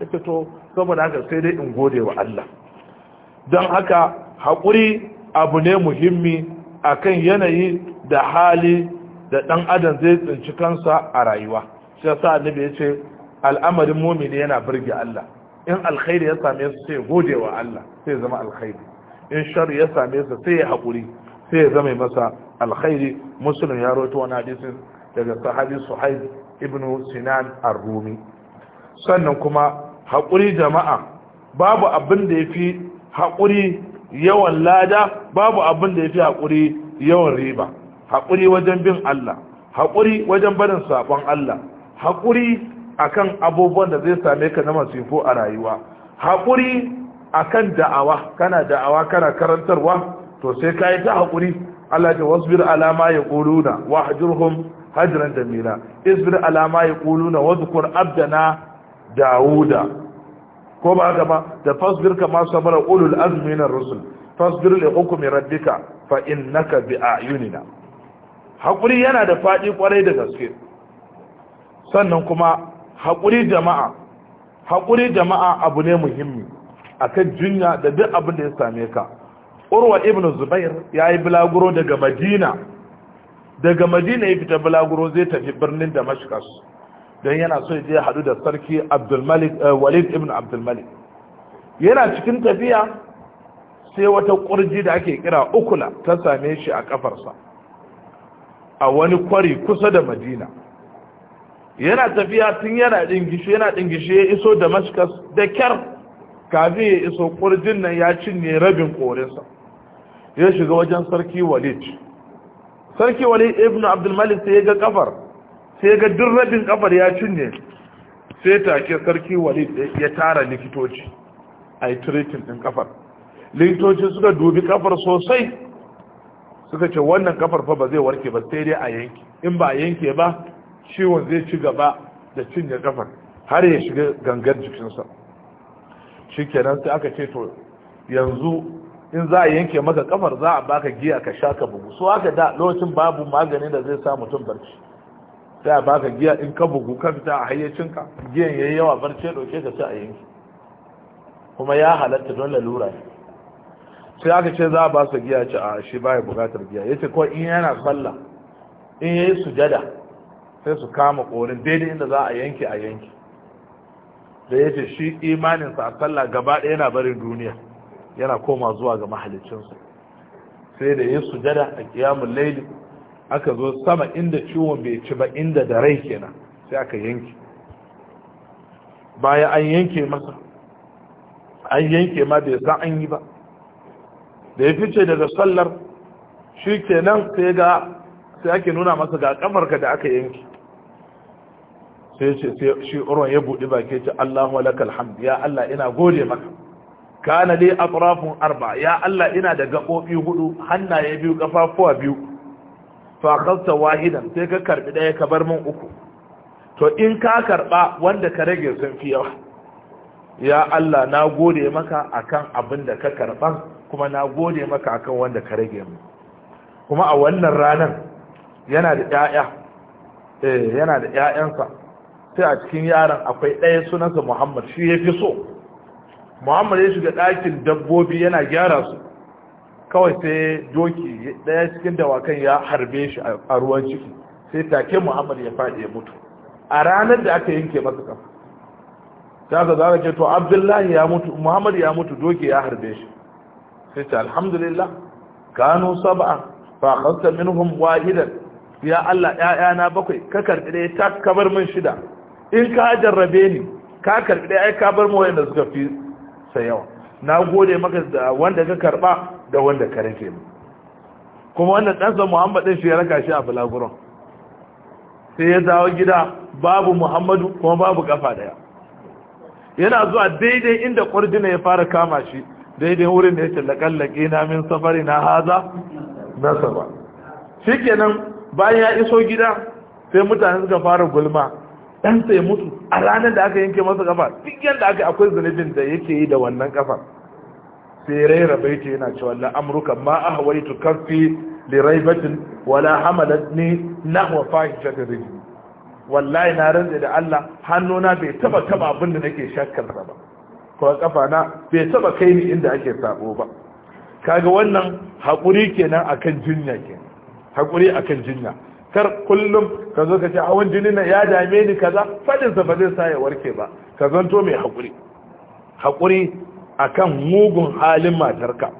S1: ita to saboda haka sai dai in gode wa Allah dan haka haƙuri abu ne muhimmi akan yanayi da hali da ɗan adam zai tsinci kansa a rayuwa shi sa annabi ya ce al'amarin mumini yana burge Allah in alkhairi ya same su sai gode wa Allah sai zama alkhairi in shari ya same su sai ya haƙuri sai ya zama masa alkhairi musulun ya wani hadisin daga sahabi suhaib Ibn sinan ar-rumi sannan kuma haƙuri jama'a babu abin da ya fi haƙuri yawan lada babu abin da ya fi haƙuri yawan riba haƙuri wajen bin Allah haƙuri wajen barin saɓon Allah haƙuri akan abubuwan da zai same ka na masifo a rayuwa haƙuri akan da'awa kana da'awa kana karantarwa to sai ka yi ta haƙuri Allah ta wasbir alama ya ƙuluna wa hajjurhum hajjiran jamila isbir alama ya ƙuluna wa zukur abdana dawuda ko ba haka ba da fasbir masu samar ulul azmi rusul fasbir li hukumi rabbika fa innaka bi ayunina haƙuri yana da faɗi ƙwarai da gaske sannan kuma haƙuri jama'a haƙuri jama'a abu ne muhimmi a kan jinya da duk abin da ya same ka urwa ibn zubair ya yi bulaguro daga madina daga madina ya fita bulaguro zai tafi birnin damascus don yana so ya je haɗu da sarki eh, walid ibn abdulmalik yana cikin tafiya sai wata ƙurji da ake kira ukula ta same shi a ƙafarsa a wani kwari kusa da madina yana tafiya tun yana dingishi yana dingishi ya iso damascus da kyar kafin ya iso ƙurjin nan ya cinye rabin ƙorinsa ya shiga wajen sarki walid sarki walid ibn abdulmalik sai ya ga kafar sai ya ga duk rabin kafar ya cinye sai take sarki walid ya tara likitoci a yi tiritin ɗin kafar likitoci suka dubi kafar sosai suka ce wannan kafar fa ba zai warke ba sai dai a yanki in ba a yanke ba ciwon zai ci gaba da cinye kafar har ya shiga gangar jikinsa shikenan sai aka ce to yanzu in za a yanke maka kafar za a baka giya ka sha ka bugu so haka da lokacin babu magani da zai sa mutum barci sai a baka giya in ka bugu ka fita a hayyacinka giyan yayi yawa barci ya dauke ka ci a yanki, kuma ya halatta don lalura sai aka ce za a ba su giya ci a shi ba ya bukatar giya ya ce kawai in yana sallah in yayi sujada sai su kama korin daidai inda za a yanke a yanke da ya ce shi imaninsa a sallah gaba ɗaya yana barin duniya yana koma zuwa ga mahalicinsa sai da ya sujada a kiyamun laili aka zo sama inda ciwon bai ci ba inda da rai kenan sai aka yanke baya an yanke masa an yanke ma bai san an yi ba da ya fice daga sallar shi kenan sai ga sai ake nuna masa ga ka da aka yanke sai shi ya buɗi baki ce Allahu lakal hamd ya Allah ina gode maka kana dai arba ya Allah ina da gabobi hudu hannaye biyu kafafuwa biyu fa khalta wahidan sai ka karbi daya ka bar min uku to in ka karba wanda ka rage sun fi ya Allah na gode maka akan abin da ka karban kuma na gode maka akan wanda ka rage mu kuma a wannan ranar yana da ƴaƴa eh yana da ƴaƴansa sai a cikin yaran akwai ɗaya sunansa muhammad shi ya fi so muhammad ya shiga ɗakin dabbobi yana gyara su kawai sai doki ɗaya cikin dawakan ya harbe shi a ruwan ciki sai take muhammad ya faɗi ya mutu a ranar da aka yanke masa kafa ta ka za ce to abdullahi ya mutu muhammad ya mutu doki ya harbe shi sai ta alhamdulillah kanu saba'a fa khasta minhum wahidan ya Allah yayana bakwai ka karɓi ɗaya ta kabar min shida in ka jarrabe ni ka karbi dai ai ka bar mu wanda suka fi sayawa na gode maka da wanda ka karba da wanda ka rike mu kuma wannan ɗansa muhammad ɗin shi ya raka shi a balaguron sai ya dawo gida babu muhammadu kuma babu kafa daya yana zuwa daidai inda ƙwardina ya fara kama shi daidai wurin da ya ce na min safari na haza na saba shi bayan ya iso gida sai mutane suka fara gulma ɗansa ya mutu a ranar da aka yanke masa kafa duk yadda aka akwai zunubin da yake yi da wannan kafa sai rabai baiti yana cewa la'amruka ma ahwaitu kaffi li raibatin wala hamalatni nahwa fahishatin rijli wallahi na rantsa da Allah hannuna bai taba taba abin da nake shakkar sa ba ko kafa na bai taba kai ni inda ake sabo ba kaga wannan hakuri kenan akan jinya kenan hakuri akan jinya kar kullum ka zo ka ce hawan jini na ya dame ni kaza fadin sa ba zai sa ya warke ba ka zanto mai hakuri hakuri akan mugun halin matarka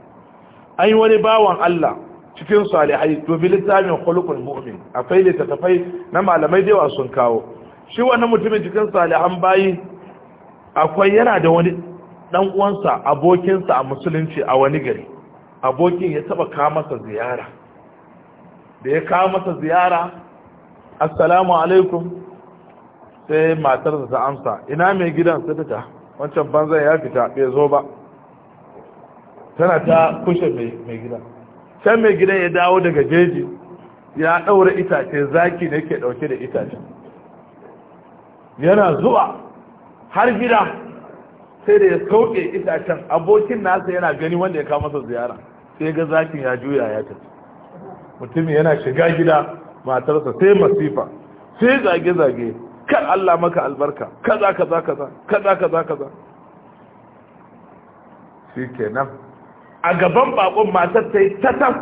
S1: an yi wani bawan Allah cikin salihai to bi littafin khuluqul mu'min akwai littattafai na malamai da wasu sun kawo shi wannan mutumin cikin salihan bayi akwai yana da wani dan uwansa abokinsa a musulunci a wani gari abokin ya taba ka masa ziyara da ya kawo masa ziyara assalamu alaikum sai matar ta amsa ina mai gidan sai ta wancan banzan ya fita bai zo ba tana ta kushe mai gidan can mai gidan ya dawo daga jeji ya ɗaura itace zaki ne ke ɗauke da itace yana zuwa har gida sai da ya sauke itacen abokin nasa yana gani wanda ya kawo masa ziyara sai ga zakin ya juya ya tafi mutumin yana shiga gida matarsa sai masifa sai zage-zage kan Allah maka albarka kaza kaza kaza kaza kaza kaza shi kenan a gaban bakon matar ta yi tatan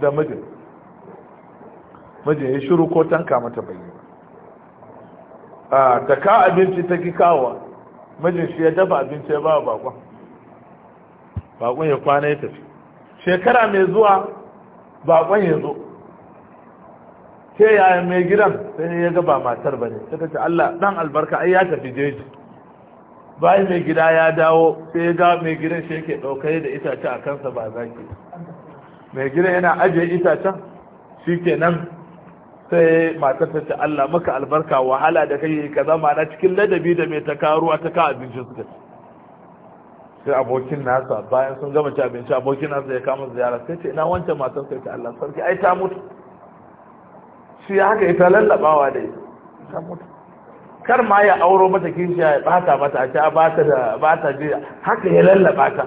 S1: da mijin mijin ya shiru ko tanka mata bayi ta ka abinci ta ki kawo mijin shi ya dafa abinci ya ba bakon bakon ya kwana ya tafi shekara mai zuwa bakon ya zo ke yaya mai gidan sai ya ga ba matar ba ne sai ta ce Allah dan albarka ai ya tafi jeji bayan mai gida ya dawo sai ga mai gidan shi yake daukai da itace a kansa ba zaki mai gidan yana ajiye itacen shi ke nan sai matar ta ce Allah maka albarka wahala da kai kaza na cikin ladabi da mai ta karuwa ta ka abincin suka ci sai abokin nasa bayan sun gama ci abinci abokin nasa ya kama ziyara sai ce ina wancan matan sai ta Allah sarki ai ta mutu shi ya haka ita lallabawa da ta mutu kar ma ya auro mata kishiya ya bata mata a ta bata da bata jiya haka ya lallaba ta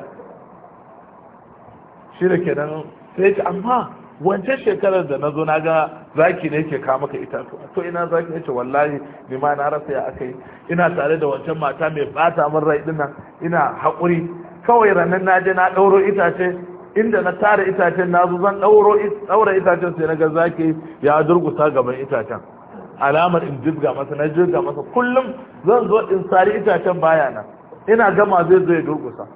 S1: shi da kenan sai ce amma Wance shekarar da na zo na ga zaki ne ke kawo maka ita to ina zaki ne ce wallahi ni ma na rasa ya akai ina tare da wancan mata mai bata min rai dinnan ina haƙuri kawai ranar na je na ɗauro itace inda na tara itacen na zo zan ɗauro ɗaura itacen sai na ga zaki ya durgusa gaban itacen alamar in jirga masa na jirga masa kullum zan zo in sari itacen baya na ina gama zai zo ya durgusa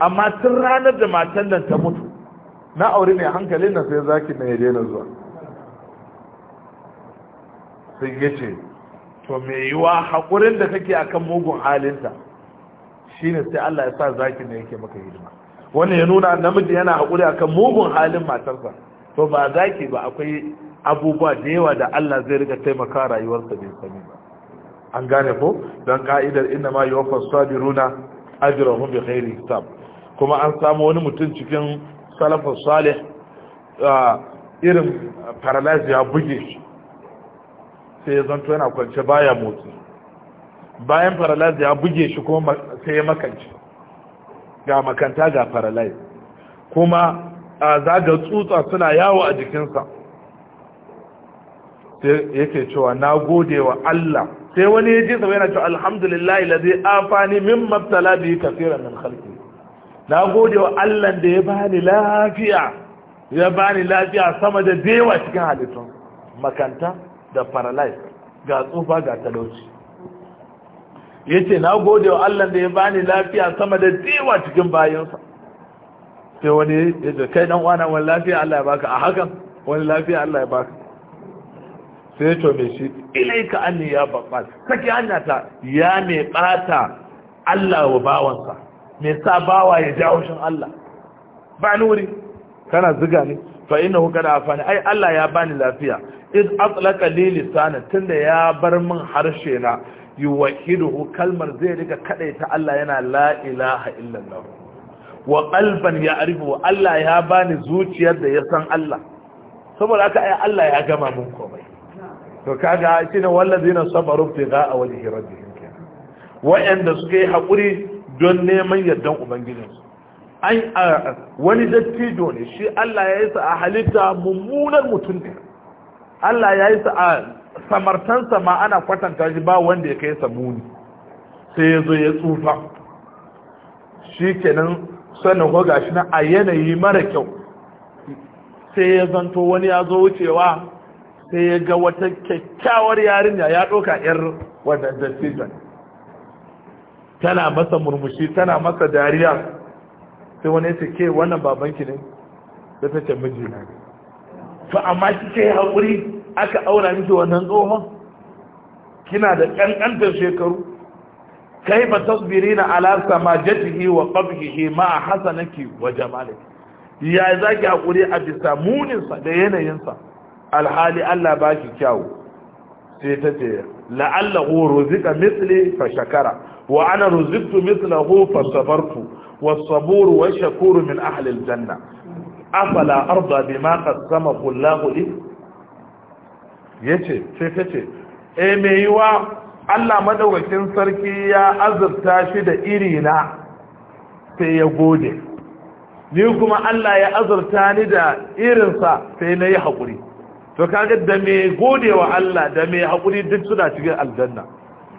S1: amma tun ranar da matan nan ta mutu na auri ne hankalin na sai zaki na ya daina zuwa sai ya ce to me yiwa haƙurin da kake akan mugun halinta shine sai Allah ya sa zaki ne yake maka hidima wannan ya nuna namiji yana haƙuri akan mugun halin matarsa to ba zaki ba akwai abubuwa da yawa da Allah zai riga taimaka rayuwarsa bai sani ba an gane ko don ka'idar inna ma yuwaffas sabiruna ajrahum bi ghairi hisab kuma an samu wani mutum cikin salafus salih irin paralyze ya buge shi sai ya zanto yana kwance baya motsi bayan paralyze ya buge shi kuma sai ya makance ga makanta ga paralyze kuma a zaga tsutsa suna yawo a jikinsa sai yake cewa na gode wa Allah sai wani ya ji sa yana cewa alhamdulillah ilazi afani min mabtala bi kafiran min khalqi na gode wa Allah da ya bani lafiya ya bani lafiya sama da dewa cikin halittun makanta da paralyze ga tsufa ga talauci ya ce na gode wa Allah da ya bani lafiya sama da dewa cikin bayansa sai wani ya ce kai dan wana wani lafiya Allah ya baka a hakan wani lafiya Allah ya baka sai to me shi ka anni ya babba saki hanya ta ya mai bata Allah wa bawansa mai sa bawa ya jawo shin Allah ba ni wuri kana ziga ne fa ina hu kada afani ai Allah ya bani lafiya iz atlaka li tunda ya bar min harshe na yuwahiduhu kalmar zai rika ta Allah yana la ilaha illallah wa qalban ya'rifu Allah ya bani zuciyar da ya san Allah saboda haka ai Allah ya gama mun komai to kaga shine wallazina sabaru fi ga'a wajhi rabbihim wa'anda suka yi hakuri don neman yardan ubangijinsu an wani dattijo ne shi Allah ya yi sa a halitta mummunan mutum ne Allah ya yi sa a samartansa ma ana kwatanta shi ba wanda ya kai sa muni sai ya zo ya tsufa shi kenan sanin ko gashi na a yanayi mara kyau sai ya zanto wani ya zo wucewa sai ya ga wata kyakkyawar yarinya ya ɗauka 'yar wadda dattijon tana masa murmushi tana masa dariya sai wani yace ke wannan babanki ne da ta ce miji ne to amma ce haƙuri aka aura miki wannan tsohon kina da ƙanƙantar shekaru kai ba alasa ma samajatihi wa qabhihi ma hasanaki wa jamalaki ya ki haƙuri a bisa muninsa da yanayinsa alhali Allah ba ki kyawu sai ta ce la'allahu ruzika misli fa shakara wa ana ruziktu mithlahu fasabartu was-saburu wash-shakuru min ahli al-janna afala arda bima qassamahu Allah li yace sai tace eh me yiwa Allah madaukakin sarki ya azurta shi da iri na sai ya gode ni kuma Allah ya azurta ni da irinsa sai na yi haƙuri to kaga da mai godewa Allah da mai haƙuri duk suna cikin aljanna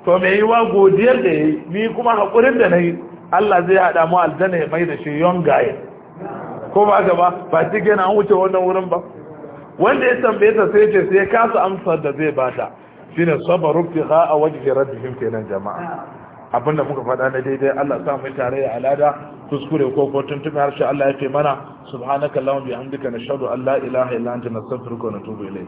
S1: to mai wa godiyar da ya yayi ni kuma hakurin da yi Allah zai hada mu aljanna ya mai da shi yon gaye ko ba gaba ba ci gina an wuce wannan wurin ba wanda ya tambaye ta sai ce sai kasa amsar da zai bata shine sabaru fiha a wajhi rabbihim kenan jama'a abinda muka faɗa na daidai Allah sa mu tare ya alada kuskure ko ko tuntuna harshe Allah ya ce mana subhanaka allahumma bihamdika nashhadu an la ilaha illa anta nastaghfiruka wa natubu ilayk